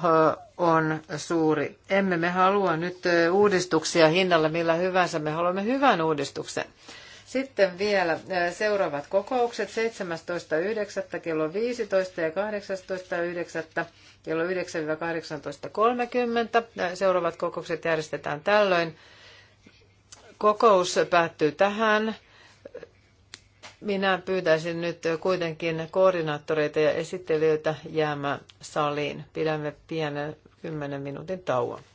on suuri. Emme me halua nyt uudistuksia hinnalla millä hyvänsä, me haluamme hyvän uudistuksen. Sitten vielä seuraavat kokoukset 17.9. kello 15 ja 18.9. kello 9-18.30. Seuraavat kokoukset järjestetään tällöin. Kokous päättyy tähän. Minä pyytäisin nyt kuitenkin koordinaattoreita ja esittelijöitä jäämään saliin. Pidämme pienen 10 minuutin tauon.